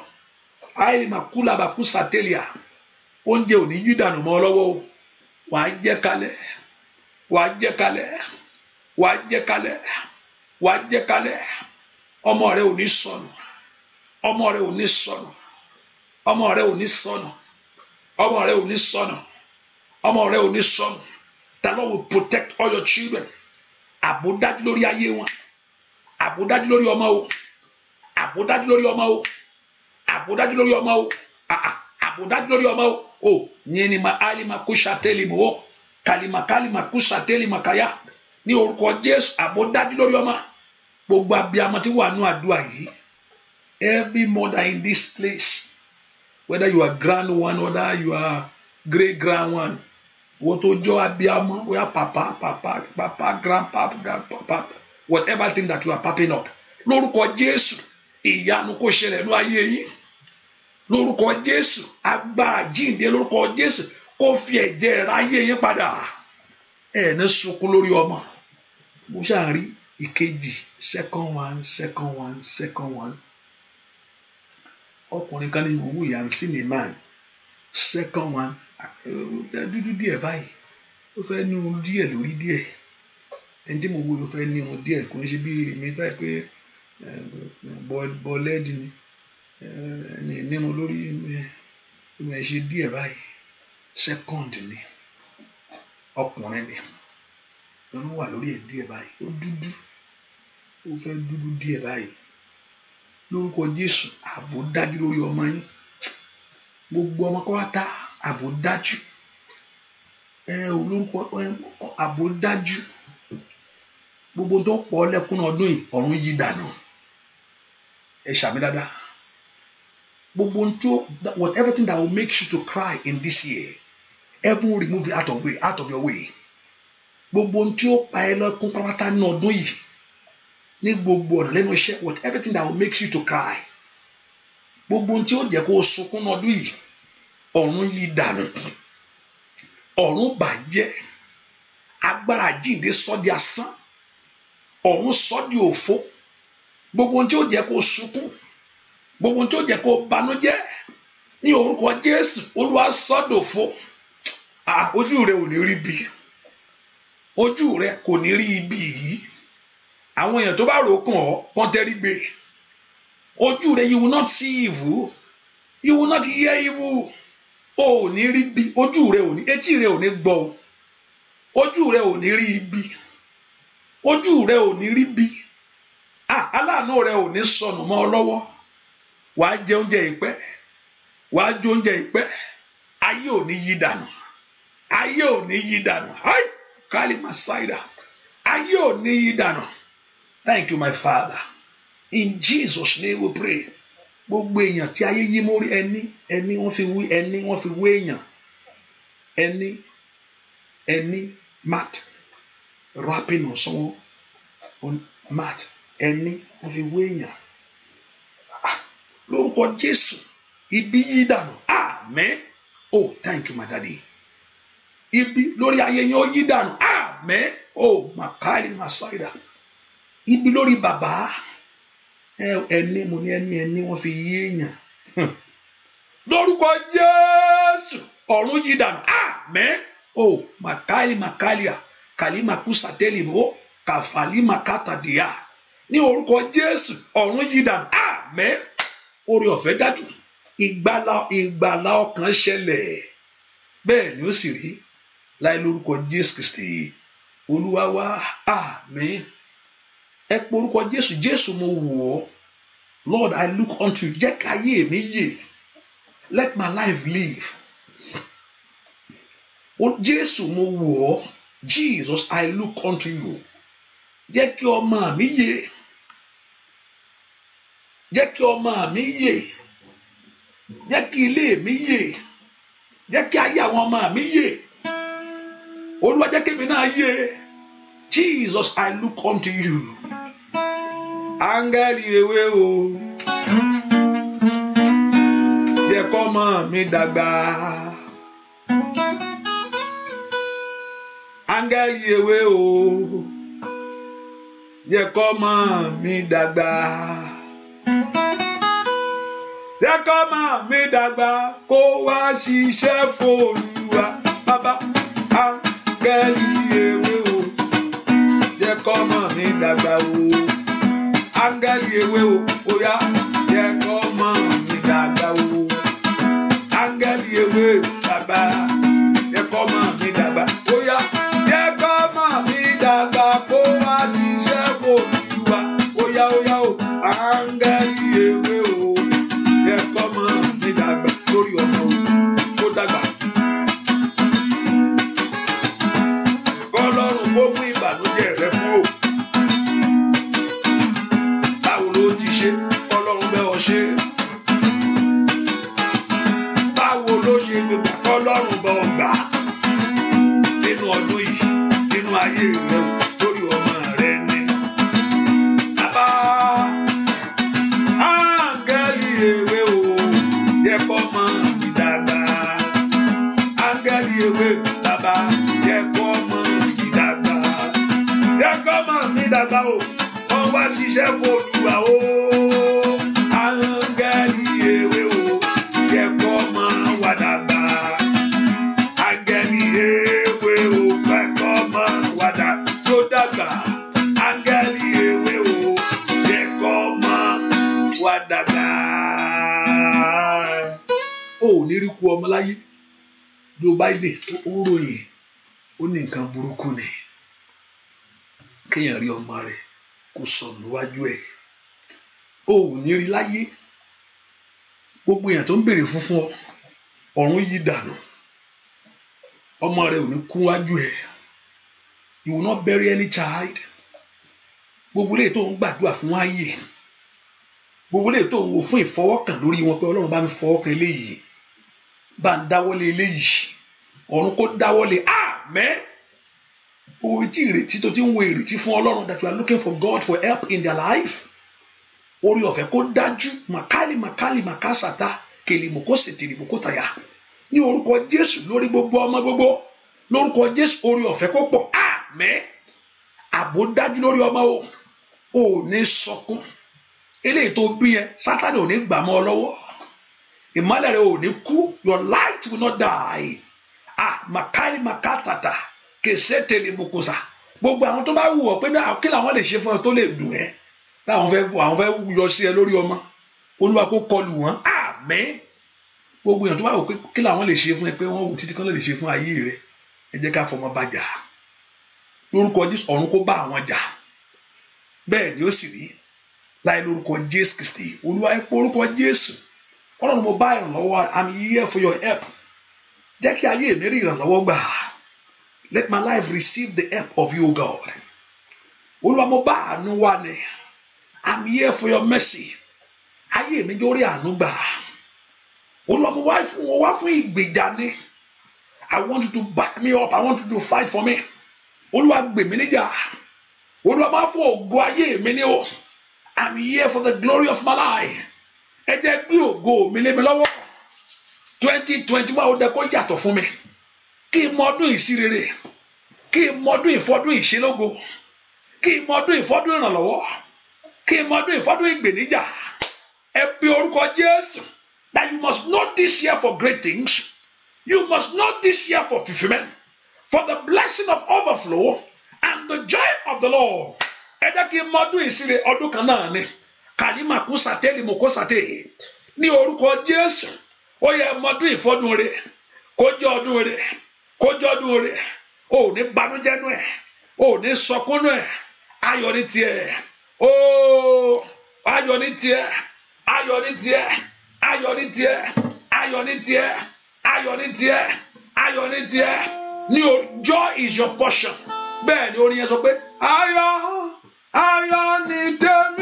àìlèmà kú làbà wàá jẹ́ kalẹ̀ wàá ọmọ rẹ ò ní sọnù ọmọ rẹ ò ọmọ rẹ ò ní sọnù ọmọ rẹ ò ní sọnù ọmọ rẹ ò ní sọnù will protect all your children àbódájú lórí ayé wọn àbódájú lórí ọmọ o àbódájú lórí ọmọ o lórí ọmọ o lórí ọmọ o o yẹn ni ma ali ma kó ṣàtẹ́lì mọ́ kàlìmàkàlìmà kó ní orúkọ Jésù àbò dájú lórí ọmọ gbogbo abiyamọ tí wà nù àdúrà yìí every mother in this place whether you are grand one or whether you are great grand one wo tó jọ abiyamọ wíwá papa papa papa grandpapa papa, whatever thing that you are popping up lórúkọ Jésù ìyanu kò ṣẹlẹ̀ ní ayé yìí lórúkọ Jésù agbára jíǹde lórúkọ Jésù kó fi ẹ̀jẹ̀ ráyé yín padà ẹ̀ ní sunkún lórí ọmọ mo ṣáà rí ìkejì second one second one second one ọkùnrin kan ní mò ń wù yàm sí mi man second one ó fẹ́ dúdú díẹ̀ báyìí ó fẹ́ ní irun díẹ̀ lórí díẹ̀ ẹni tí mo wo yóò fẹ́ ní irun díẹ̀ kò ń ṣe bí èmi táì pé bọ́lẹ́dì ni ẹni nínú lórí ìmọ̀ ẹ̀ ṣe díẹ̀ báyìí second ni ọkùnrin ni irun wà lórí ẹ̀ díẹ̀ báyìí ó dúdú ó fẹ́ dúdú díẹ̀ báyìí lórúkọ Jésù ààbò dájú lórí ọmọ yín gbogbo ọmọ kọ́ ta ààbò dájú ẹ ò lórúkọ ààbò dájú gbogbo tó pọ̀ lẹ́kùn ọdún yìí ọ̀run yìí dànù ẹ ṣàmì dáadáa gbogbo tó whatever thing that will make you to cry in this year heaven remove it out of way out of your way gbogbo ohun tí ó pa ẹ́ lọ́kún pátápátá ní ọdún yìí ní gbogbo ọ̀nà lẹ́nu iṣẹ́ with everything that will make you to cry gbogbo ohun tí ó jẹ́ kó o sunkún ní ọdún yìí ọ̀run yí dànù ọ̀run bàjẹ́ agbára jíǹde sọ́dí asán ọ̀run sọ́dí òfo gbogbo ohun tí ó jẹ́ kó o sunkún gbogbo ohun tí ó jẹ́ kó o banújẹ́ ní orúkọ Jésù Olúwa sọ́dòfo ah, ojú rẹ ò ní rí bíi ojú rẹ kò ní rí ibi yìí àwọn èèyàn tó bá rò kàn ọ́ kàn tẹ́rí gbé ojú rẹ you will not see evil you will not hear evil o ò ní rí bi ojú rẹ ò ní etí rẹ ò ní gbọ́ ojú rẹ ò ní rí ibi ojú rẹ ò ní rí bi ah, aláàánú rẹ ò ní sọnù mọ́ ọ lọ́wọ́ wàá jẹ oúnjẹ ìpẹ́ wàá jẹ oúnjẹ ìpẹ́ ayé ò ní yí dànù ayé ò ní yí dànù kálímà sáìdà ayé ò ní yí thank you my father in jesus name we pray gbogbo èèyàn tí ayé yí mórí ẹni ẹni wọ́n fi wí ẹni wọ́n fi wé èèyàn ẹni ẹni mat rapping on on mat ẹni wọ́n fi wé èèyàn ah, lórúkọ jésù ibi yí dànù amen oh thank you my daddy ibi lórí ayé yẹn ó yí dànù àmín o màkàlì màsáìdà ibi lórí bàbá ẹni mo ní ẹni ẹni wọ́n fi yí èèyàn hmm. lórúkọ Jésù ọ̀run yí dànù àmín o màkàlì màkàlìà kàlímà kùsàtẹ́lì o kàfàlímà kàtàdìyà ní orúkọ Jésù ọ̀run yí dànù àmín oore ọ̀fẹ́ dájú ìgbàlà ìgbàlà ọkàn ṣẹlẹ̀ bẹ́ẹ̀ ni ó sì rí láì lórúkọ jésù kristi olúwa wa àmín ẹ pé orúkọ jésù jésù mo wò ọ́ lord i look unto you jẹ́ ká ayé mi yè let my life live o jésù mo wò ọ́ jesus i look unto you jẹ́ kí ọmọ mi yè jẹ́ kí ọmọ mi yè jẹ́ kí ilé mi yè jẹ́ kí ayé àwọn ọmọ mi yè olúwa kémi náà yé Jesus I look unto you áńgẹ́lì ewé o jẹ́ kọ́mọ mi dàgbà áńgẹ́lì ewé o jẹ́ kọ́mọ mi dàgbà jẹ́ kọ́mọ mi dàgbà kó wá ṣiṣẹ́ fòlùwà bàbá áńgẹ́lì ewé o jẹ́ kọ́mọ mi dàgbà o áńgẹ́lì ewé o oh yeah. tó ń béèrè fún fún ọ ọ̀run yí dànù ọmọ rẹ ò ní kú wájú ẹ you will not bury any child gbogbo ilé tó ń gbàdúrà fún ayé gbogbo ilé tó ń wo fún ìfọwọ́kàn lórí wọn pé ọlọ́run bá mi fọwọ́kàn eléyìí bá ń dáwọ́lé eléyìí ọ̀run kó dáwọ́lé àmẹ́ òwe tí ìrètí tó ti ń wo ìrètí fún ọlọ́run that you are looking for God for help in their life orí ọ̀fẹ́ kó dájú màkálì màkálì màkásàtà kèlìmùkó sètìlìmùkó tàyà ní orúkọ jésù lórí gbogbo ọmọ gbogbo lórúkọ jésù orí ọ̀fẹ́ kó pọ̀ àmẹ́ àbò dájú lórí ọmọ o ò ní sọkún eléyìí tó bí yẹn sátani ò ní gbà mọ́ ọ lọ́wọ́ ìmọ́lẹ̀ rẹ ò ní kú your light will not die ah makari makatata kèsè tèlèmùkòsà gbogbo àwọn tó bá wù ọ pé náà kí làwọn lè ṣe fún ọ tó lè dùn ẹ láwọn fẹ́ àwọn yọ sí ẹ lórí ọmọ olúwa kó kọlù wọn á àmín gbogbo èèyàn tó bá wò pé kí làwọn lè ṣe fún ẹ pé wọ́n wò títí kan lè ṣe fún ayé rẹ ẹ jẹ́ ká fọmọ bá jà lórúkọ Jésù ọ̀run kó bá àwọn jà bẹ́ẹ̀ ni ó sì rí láì lórúkọ Jésù Kristi Olúwa ẹ pé orúkọ Jésù Ọlọ́run mo bá ìrànlọ́wọ́ I'm here for your help jẹ́ kí ayé mi rí ìrànlọ́wọ́ gbà let my life receive the help of you God Olúwa mo bá àánú wá ni I'm here for your mercy ayé mi jó rí àánú gbà olúwa mo wá fún wọn wá fún ìgbèjà ni i want you to back me up i want you to fight for me olúwa gbè mí níjà olúwa máa fún ògo ayé mi ní o i'm here for the glory of my life ẹ jẹ́ gbé ògo mi lé mi lọ́wọ́ twenty twenty one ó dẹ kó yàtọ̀ fún mi kí n mọdún ìṣirere kí n mọdún ìfọdún ìṣelógo kí n mọdún ìfọdún ìrànlọ́wọ́ kí n mọdún ìfọdún ìgbèníjà ẹ pe orúkọ jésù. that you must know this year for great things. You must know this year for fulfillment, for the blessing of overflow and the joy of the Lord. ẹ jẹ́ kí n mọ ọdún ìṣirè ọdún ni kàlímà kú sàtẹ́lì mò kó sàtẹ́ ní orúkọ Jésù ó yẹ mọdún ìfọdún rẹ kó jẹ́ ọdún rẹ kó jẹ́ ọdún rẹ ò ní banújẹ́ nú ẹ̀ ò ní sọkún nú ẹ̀ ayọ̀ ní tiẹ̀ ó ayọ̀ ní tiẹ̀ ayọ̀ ní tiẹ̀. ayọ̀ ní tiẹ̀ ayọ̀ ní tiẹ̀ ayọ̀ ní tiẹ̀ ayọ̀ ní tiẹ̀ ní o joy is your portion bẹ́ẹ̀ ni orin yẹn sọ pé ayọ̀ ayọ̀ ní tèmi.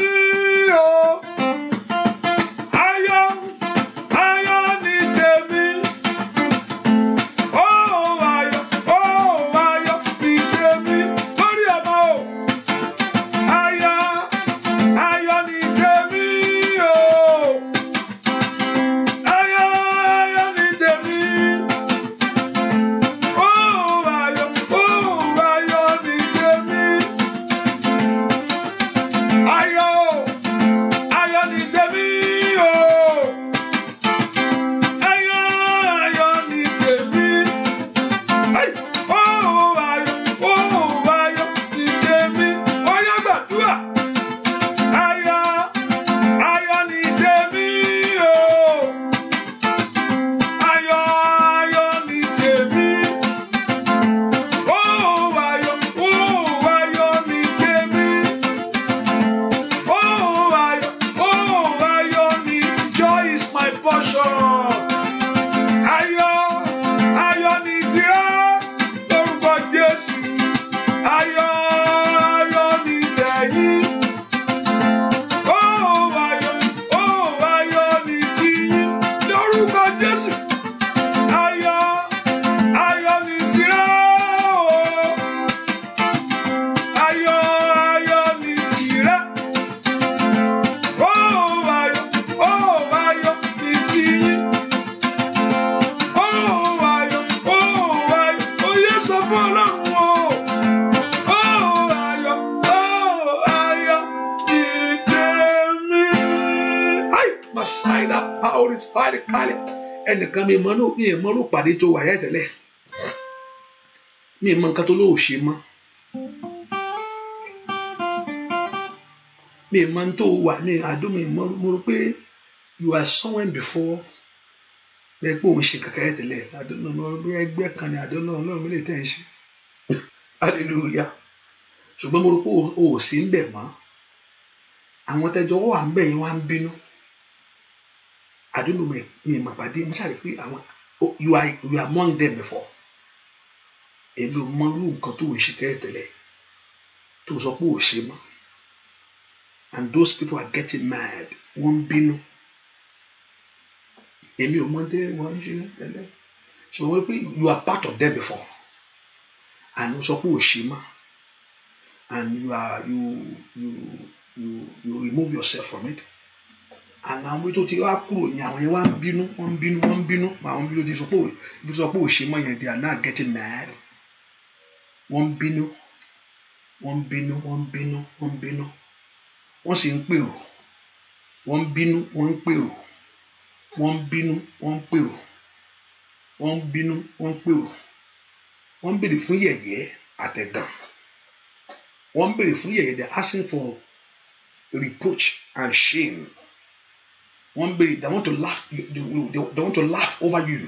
mi mọ mi mọ ló pàdé tó wà yá tẹ́lẹ̀ mi mọ nǹkan tó lóò ṣe mọ́ mi mọ tó wà ní àdó mi mọ mo rò pé you are someone before bẹ́ẹ̀ pé òun ṣe kàkà yá tẹ́lẹ̀ àdó náà mo rò pé ẹgbẹ́ kan ní àdó náà Ọlọ́run mi lè tẹ̀ ń ṣe hallelujah ṣùgbọ́n mo rò pé o ò sí ń bẹ̀ mọ́ àwọn tẹjọ́ wà ń bẹ̀ yẹn wá ń bínú. I don't know my my mà pàdé mo ṣàrí pé àwọn oh, you are you are among them before èmi ò mọ irú nǹkan tó ń ṣe tẹ́lẹ̀tẹ́lẹ̀ tó sọ pé ò ṣe mọ́ and those people are getting mad wọ́n ń bínú èmi ò mọ dé wọ́n ń ṣe tẹ́lẹ̀ so wọ́n pé you are part of them before and ó sọ pé ò ṣe mọ́ and you are you you you you remove yourself from it àwọn àwọn tó ti wá kúrò ní àwọn yẹn wá ń bínú wọ́n ń bínú wọ́n ń bínú àwọn ibi tó ti sọ pé ibi tó sọ pé òṣè mọ́ yẹn they are now getting mad wọ́n ń bínú wọ́n ń bínú wọ́n ń bínú wọ́n ń bínú wọ́n sì ń pèrò wọ́n ń bínú wọ́n ń pèrò wọ́n ń bínú wọ́n ń pèrò wọ́n ń bínú wọ́n ń pèrò wọ́n ń béèrè fún yẹ̀yẹ́ àtẹ̀gàn wọ́n ń béèrè fún yẹ̀yẹ́ they are asking for reproach and shame wọ́n ń béèrè they want to laugh they, they, they want to laugh over you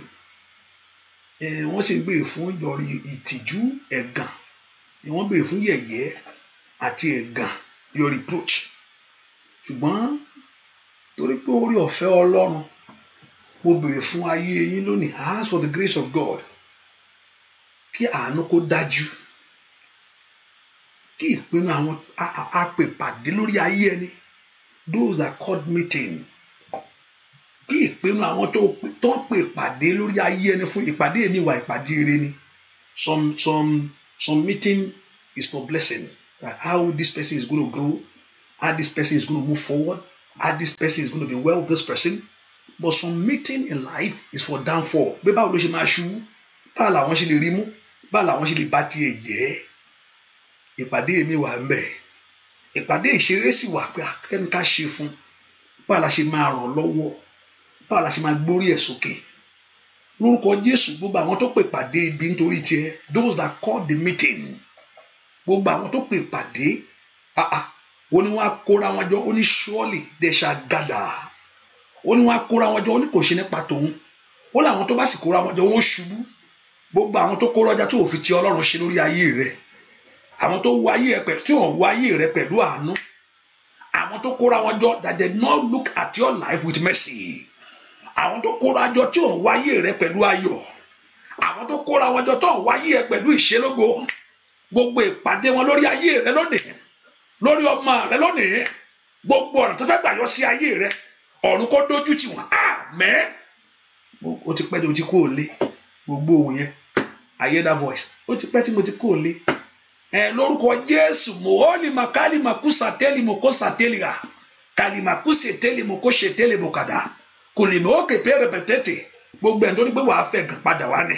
wọ́n sì ń béèrè fún ìjọrí ìtìjú ẹ̀gàn wọ́n béèrè fún yẹ̀yẹ́ àti ẹ̀gàn your reproach ṣùgbọ́n torí pé orí ọ̀fẹ́ ọlọ́run mo béèrè fún ayé yín lónìí ask for the grace of God kí àánú kó dájú kí ìpinnu àwọn apèpàdé lórí ayé ẹni those that called meeting kí ìpinnu àwọn tó pè ìpàdé lórí ayé ẹni fún ìpàdé èmi wà ìpàdé eré ni some some some meeting is for blessing that how this person is gonna grow how this person is gonna move forward how this person is gonna be well with this person but some meeting in life is for downfall bí báwo ló ṣe máa ṣubú báwo làwọn ṣe lè rí mú báwo làwọn ṣe lè bá tiẹ̀ jẹ́ ìpàdé èmi wà ń bẹ̀ ìpàdé ìṣeré sì wà pé akẹ́ni ká ṣe fún báwo la ṣe máa ràn lọ́wọ́ báwo la ṣe máa gbórí ẹ̀ sókè lórúkọ Jésù gbogbo àwọn tó pè pàdé ibi nítorí tiẹ̀ those that call the meeting gbogbo àwọn tó pè pàdé ah, ah, ó ní wọn á kóra wọn jọ ó ní surely they shall gather ó ní wọn á kóra wọn jọ ó ní kò ṣe nípa tòun ó láwọn tó bá sì kóra wọn jọ wọn ó ṣubú gbogbo àwọn tó kóra ọjà tó ò fi ti Ọlọ́run ṣe lórí ayé rẹ̀ àwọn tó wo ayé rẹ pẹ̀lú tí wọ́n wo ayé rẹ pẹ̀lú àánú àwọn tó kóra wọn jọ that they not look at your life with mercy àwọn tó kóra jọ tí ò ń wáyé rẹ pẹ̀lú ayọ̀ àwọn tó kóra wọn jọ tó ń wáyé ẹ pẹ̀lú ìṣelógo gbogbo ìpàdé wọn lórí ayé rẹ lónìí lórí ọmọ rẹ lónìí gbogbo ọ̀nà tó fẹ́ gbà yọ sí ayé rẹ ọ̀run kó dójú tì wọ́n àmẹ́ o ti pẹ́ tí o ti kó o lé gbogbo ohun yẹn I hear that voice o ti pẹ́ tí mo ti kó o lé ẹ lórúkọ Jésù mòólì màkálì màkúsà tẹ́lì mòkó sàtẹ́lì à kàlì màkúsè tẹ́lì mòkó ṣe tẹ́lì mòkàdà kò lè mọ òkè pé rẹpẹtẹtẹ gbogbo ẹni tó ní pé wàá fẹ́ gan padà wá ni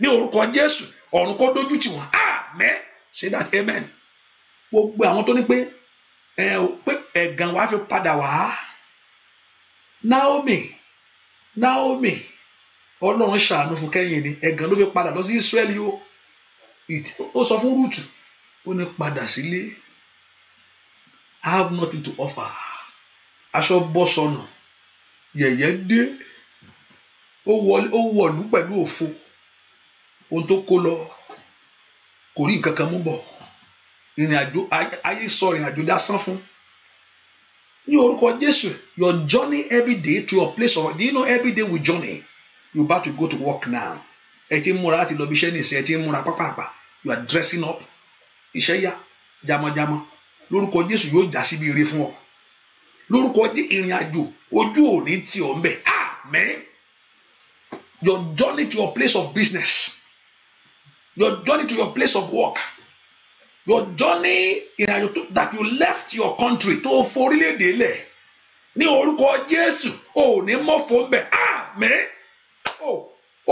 ní orúkọ Jésù ọ̀run kó dojú tì wọ́n àmín say that amen gbogbo àwọn tó ní pé ẹ̀gàn wàá fi padà wá Naomi Naomi Ọlọ́run ṣàánú fún kẹ́yìn ni ẹ̀gàn ló fi padà lọ sí Ísírẹ́lì o ó sọ fún Rúùtù ó ní padà sílé I have nothing to offer aṣọ bọ́ sọnù. So no yẹ̀yẹ́ dé ó wọ̀lú pẹ̀lú òfo ohun tó kó lọ kò rí nǹkan kan mú bọ̀ ìrìn àjò ayé sọ ìrìn àjò dásán fún ní orúkọ Jésù your journey every day to your place of do you know every day we journey you about to go to work now ẹ ti ń múra láti lọ bí iṣẹ́ nìsín ẹ ti ń múra pápápá you are dressing up iṣẹ́ yá jamọ́jamọ́ lórúkọ Jésù yóò já síbi ire fún ọ lórúkọ dí ìrìn àjò ojú òní tí ò ń bẹ̀ àmín your journey to your place of business your journey to your place of work your journey ìrìn àjò that you left your country tó forílẹ̀-èdè lẹ̀ ní orúkọ Jésù òní mọ́fọ́ ń bẹ̀ àmín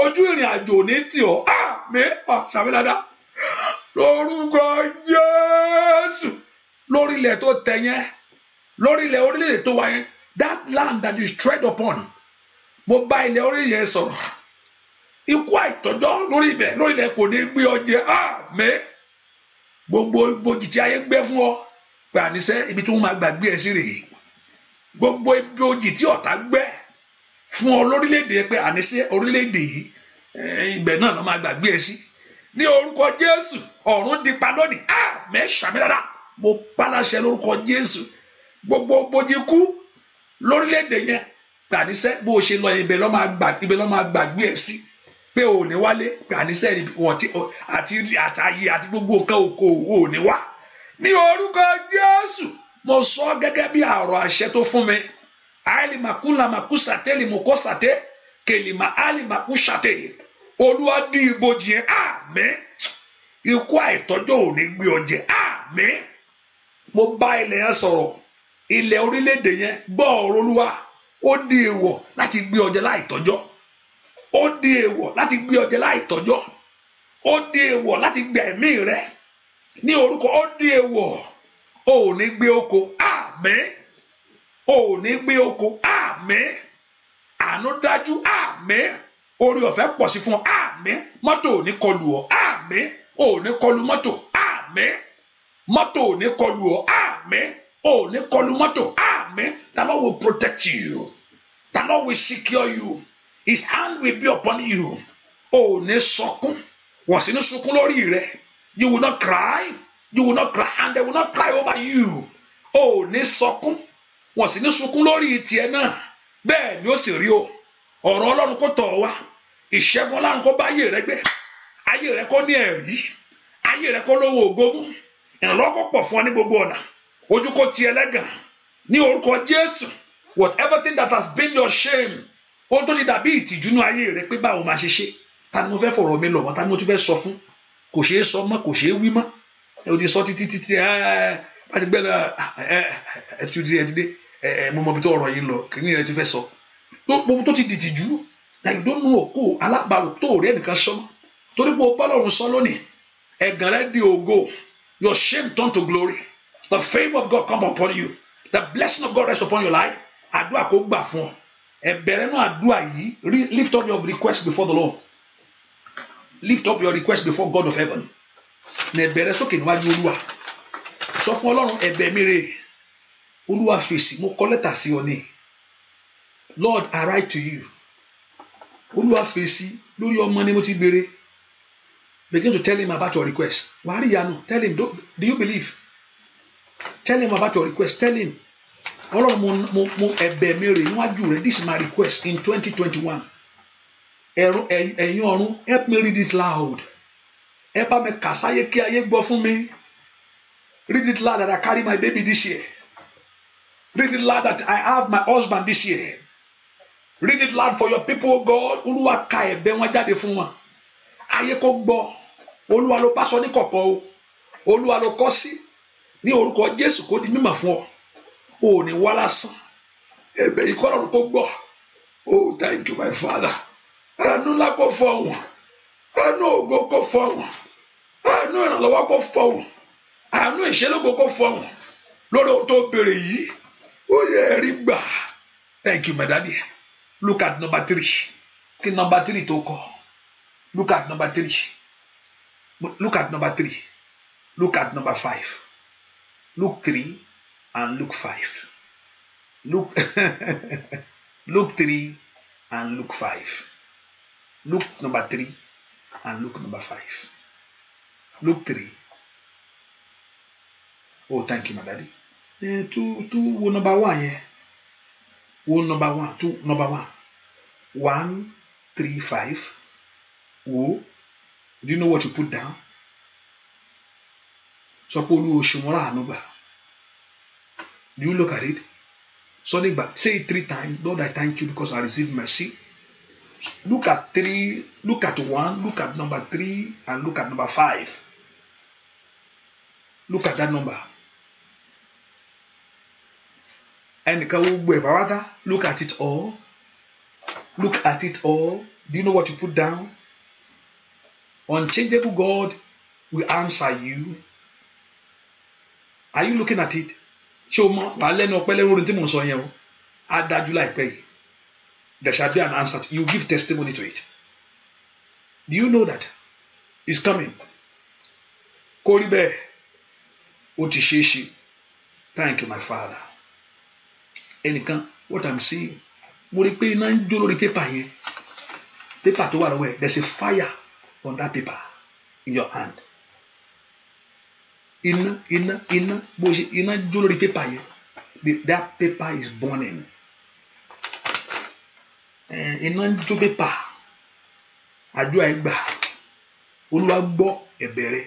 ojú ìrìn àjò òní tí ò àmín ọ̀tàmí ah, dáadáa lórúkọ Jésù lórí ilẹ̀ tó tẹ̀ lórílẹ̀ orílẹ̀-èdè tó wáyé that land that you tread upon mo bá ilẹ̀ orílẹ̀ yẹn sọ̀rọ̀ ikú àìtọ́jọ́ lórí ibẹ̀ lórílẹ̀ kò ní gbé ọ jẹ àmẹ́ gbogbo ibojì tí ayé gbẹ́ fún ọ pé àníṣe ibi tí wọ́n máa gbàgbé ẹ sí rèé gbogbo ibojì tí ọ̀tá gbẹ́ fún ọ lórílẹ̀‐èdè pé àníṣe orílẹ̀‐èdè yìí eh, ibẹ̀ náà ló máa gbàgbé ẹ sí ní orúkọ Jésù ọ̀run di padọ́nì àmẹ́ sàmì dáadáa mo pa láṣẹ lórúkọ Jésù gbogbo bójú kú lórílẹ̀‐èdè yẹn gbà níṣẹ́ bó o ṣe lọ ibẹ̀ lọ́ máa gbàgbé ẹ̀ sí pé o ò ní wálé gbà níṣẹ́ àti àtàyè àti gbogbo nǹkan òkò o ò ní wá ní orúkọ Jésù mo sọ gẹ́gẹ́ bí àrò àṣẹ tó fún mi àìlè màkúlà màkúsàtẹ lè mọ kọsàtẹ kèlìmà àìlè màkúsàtẹ olúwa dí ibojì yẹn àmín ikú àìtọ́jọ́ ò ní gbé ọ jẹ àmín mo bá ilẹ̀ yẹn sọ̀rọ̀ ilẹ̀ orílẹ̀-èdè yẹn gbọ́ olúwa ó di èèwọ̀ láti gbé ọjẹ́ láì ó di èèwọ̀ láti gbé ọjẹ́ láì ó di èèwọ̀ láti ẹ̀mí rẹ ní orúkọ ó di èèwọ̀ oko ami ò ní gbé oko àmín àánú dájú àmín orí ọ̀fẹ́ pọ̀ sí fún àmín mọ́tò ò ní kọlù ami àmín ò ní kọlù mọ́tò ò ní kọlu mọ́tò àmín the Lord will protect you the Lord will secure you his hand will be upon you ò ní sọkún wọ́n sì ní sunkún lórí rẹ you will not cry you will not cry and they will not cry over you ò ní sọkún wọ́n sì ní sunkún lórí tiẹ̀ náà bẹ́ẹ̀ ni ó sì rí o ọ̀rọ̀ Ọlọ́run kò tọ̀ wá ìṣẹ́gun Ọlọ́run kò bá ayé rẹ gbé ayé rẹ kò ní ẹ̀rí ayé rẹ kò lówó ògo mú ìrànlọ́wọ́ kò pọ̀ fún ọ ní gbogbo ọ̀nà ojú kò tiẹ̀ lẹ́gàn ní orúkọ Jésù whatever thing that has been your shame ó tó ti dàbí ìtìjú ní ayé rẹ pé báwo máa ṣe ṣe ta ni mo fẹ́ fọ̀rọ̀ mi lọ̀wọ́ ta ni mo tún fẹ́ sọ fún kò ṣeé sọ mọ́ kò ṣeé wí mọ́ ẹ ò ti sọ títí títí ẹ ẹ bá ti gbẹ ẹ ẹ ti di ẹ ti dé ẹ ẹ mo mọ ibi tó ọ̀rọ̀ yìí lọ kí ni ẹ ti fẹ́ sọ gbogbo tó ti dìtìjú like don't know kó alábàárò tó rí ẹnìkan sọ torí pé o bá lọ́run sọ lónìí ẹ̀gàn rẹ di ògo your shame turn to glory the favour of God come upon you the blessing of God rest upon your life àdúrà kò gbà fún ọ ẹ̀bẹ̀rẹ̀ náà àdúrà lift up your request before the Lord lift up your request before God of heaven na ẹ̀bẹ̀rẹ̀ soke níwájú olúwa sọ fún ọlọ́run ẹ̀bẹ̀ mi rè olúwa fèsì mo kọ lẹ́tà sí ọ ní Lord I write to you olúwa fèsì lórí ọmọ ni mo ti béèrè begin to tell him about your request wàá rí ìyanu tell him do you believe tell him about your request tell him ọlọ́run mo mo mo ẹ̀bẹ̀ mi rè níwájú rẹ this is my request in twenty twenty one ẹ̀yin ọ̀run help me read this loud ẹ bá mi kà sáyé kí ayé gbọ́ fún mi read it loud that I carry my baby this year read it loud that I have my husband this year read it loud for your people God olúwa ka ẹ̀bẹ̀ wọn jáde fún wọn ayé kó gbọ́ olúwa ló bá ní kọ̀kọ̀ o olúwa ló kọ sí ní orúkọ Jésù kó di mímọ̀ fún ọ ò ní wá lásán ẹ̀bẹ̀ yìí kọ́ lọ́run kó gbọ́ oh thank you my father àánú ńlá kó fọ wọn àánú ògo kó fọ wọn àánú ìrànlọ́wọ́ kó fọ wọn àánú ìṣẹ́lógo kó fọ wọn lórí ohun tó béèrè yìí ó yẹ ẹ̀rí gbà thank you my daddy look at number three kí number three tó kọ look at number three look at number three look at number five. Luke 3 and Luke 5. Luke, Luke 3 and Luke 5. Luke number 3 and Luke number 5. Luke 3. Oh, thank you, my daddy. Eh, two, two, number one, yeah. One, number one, two, number one. One, three, five. Oh. Do you know what you put down? sọ pé olú oṣù wọn gbà do you look at it sọ nígbà say it three times Lord I thank you because I received mercy look at three look at one look at number three and look at number five look at that number ẹnìkan gbogbo ẹ̀ pàápàá look at it all look at it all do you know what you put down unchangeable God will answer you are you looking at it ṣé o mọ wàá lẹ́nu ọpẹ́ lẹ́nu orin tí mò ń sọ yẹn o á dájú láìpẹ́ yìí there shall be an answer you give testimony to it do you know that it's coming kó rí bẹ́ẹ̀ ó ti ṣeé ṣe thank you my father ẹnìkan what i'm seeing mo rí pé iná ń jó lórí pépà yẹn pépà tó wà lọ́wọ́ ẹ̀ there's a fire on that paper in your hand iná iná iná bó ṣe iná jó lórí pépà yẹn that paper is burning eh, iná ń jó pépà àdúrà ẹ gbà olúwa gbọ́ ẹ̀bẹ̀ rẹ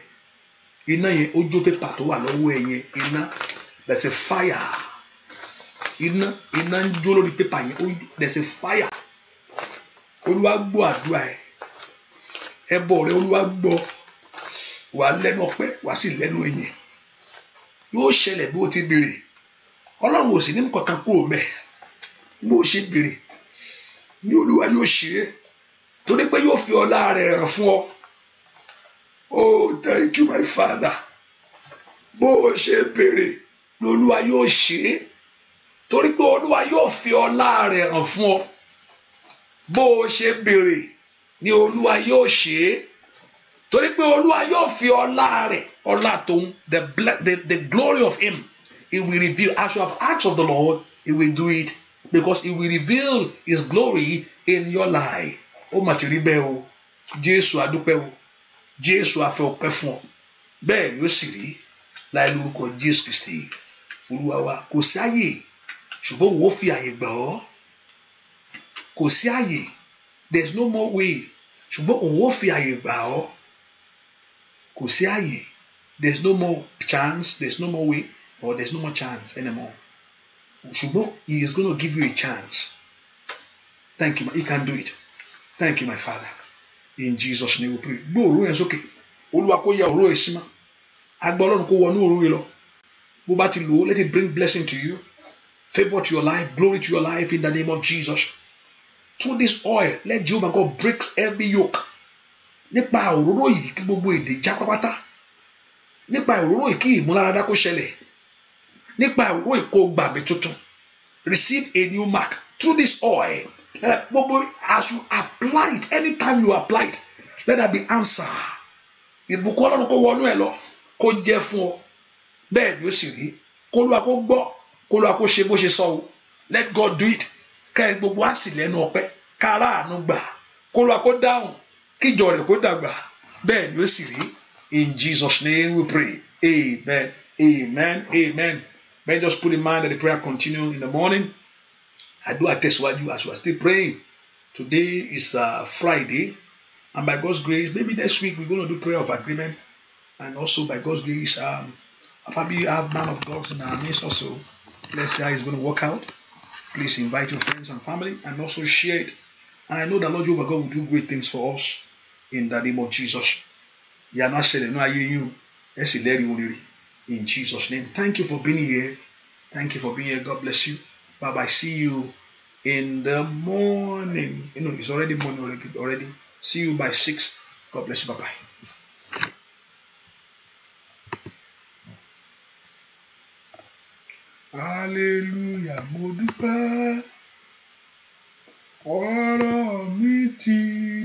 iná yẹn ó jó pépà tó wà lọ́wọ́ ẹ yẹn iná there's a fire iná iná ń jó lórí pépà yẹn there's a fire olúwa gbọ́ àdúrà ẹ ẹbọ rẹ olúwa gbọ́. wàá lẹ́nu ọpẹ́ wàá sì lẹ́nu ìyìn yóò ṣẹlẹ̀ bó ti béèrè ọlọ́run ò sì ní kankan kúrò mẹ́ bó ṣe béèrè ní olúwa yóò ṣe é torí pé yóò fi ọlá rẹ̀ hàn fún ọ oh thank you my father bó ṣe béèrè ní olúwa yóò ṣe é torí pé olúwa yóò fi ọlá rẹ̀ hàn fún ọ bó ṣe béèrè ní olúwa yóò ṣe é. torí pé olúwa yóò fi ọlá rẹ̀ ọlá tóun the the the glory of him he will reveal as you have asked of the lord he will do it because he will reveal his glory in your life ó mà ti rí bẹ́ẹ̀ o jésù adúpẹ́ o jésù afẹ́ ọpẹ́ fún ọ bẹ́ẹ̀ ni ó sì rí láì lórúkọ jésù kristi olúwa kò sí àyè ṣùgbọ́n òun fi àyè gbà ọ́ kò sí àyè there is no more way ṣùgbọ́n òun ó fi àyè gbà ọ́ kò sí àyè there is no more chance there is no more way or there is no more chance anymore ṣùgbọ́n he is gonna give you a chance thank you he can do it thank you my father in Jesus name we pray gbé òru yẹn sókè olúwa kó yẹ òru yẹn sí ma agbá ọlọ́run wọnú òru yẹn lọ bó bá ti lò ó let it bring blessing to you favour to your life glory to your life in the name of Jesus through this oil let Jehovah God breaks every yoke nípa òróró yìí kí gbogbo èdè já pátápátá nípa òróró yìí kí ìmúláradá kó ṣẹlẹ̀ nípa òróró yìí kó gbà mí tuntun receive a new mark through this oil Let gbogbo as you apply it anytime you apply it let that be answer ìbùkún ọlọ́run kó wọnú ẹ lọ kó jẹ́ fún ọ bẹ́ẹ̀ ni ó sì rí kó lóa kó gbọ́ kó lóa kó ṣe bó ṣe sọ o let God do it kẹ́ ẹ gbogbo á sì lẹ́nu ọpẹ́ ká aráàánú gbà kó lóa kó dáhùn kíjọ rẹ̀ kó dàgbà bẹ́ẹ̀ ni ó sì rí in Jesus name we pray amen amen amen may just put in mind that the prayer continue in the morning I what you as we are still praying today is uh, Friday and by God's grace maybe next week we gonna do prayer of agreement and also by God's grace um, I probably have man of God in our midst also let's see how it's gonna work out please invite your friends and family and also share it and I know that Lord Jehovah God will do great things for us in the name of Jesus. Ìyanu á ṣẹlẹ̀ ní ayé yín o, ẹ sì lẹ́rìí orin in Jesus' name. Thank you for being here. Thank you for being here. God bless you. Bye bye. See you in the morning. You know, it's already morning already. already. See you by six. God bless you. Bye bye. hallelujah mo dúpẹ́ ọ̀rọ̀ mi ti.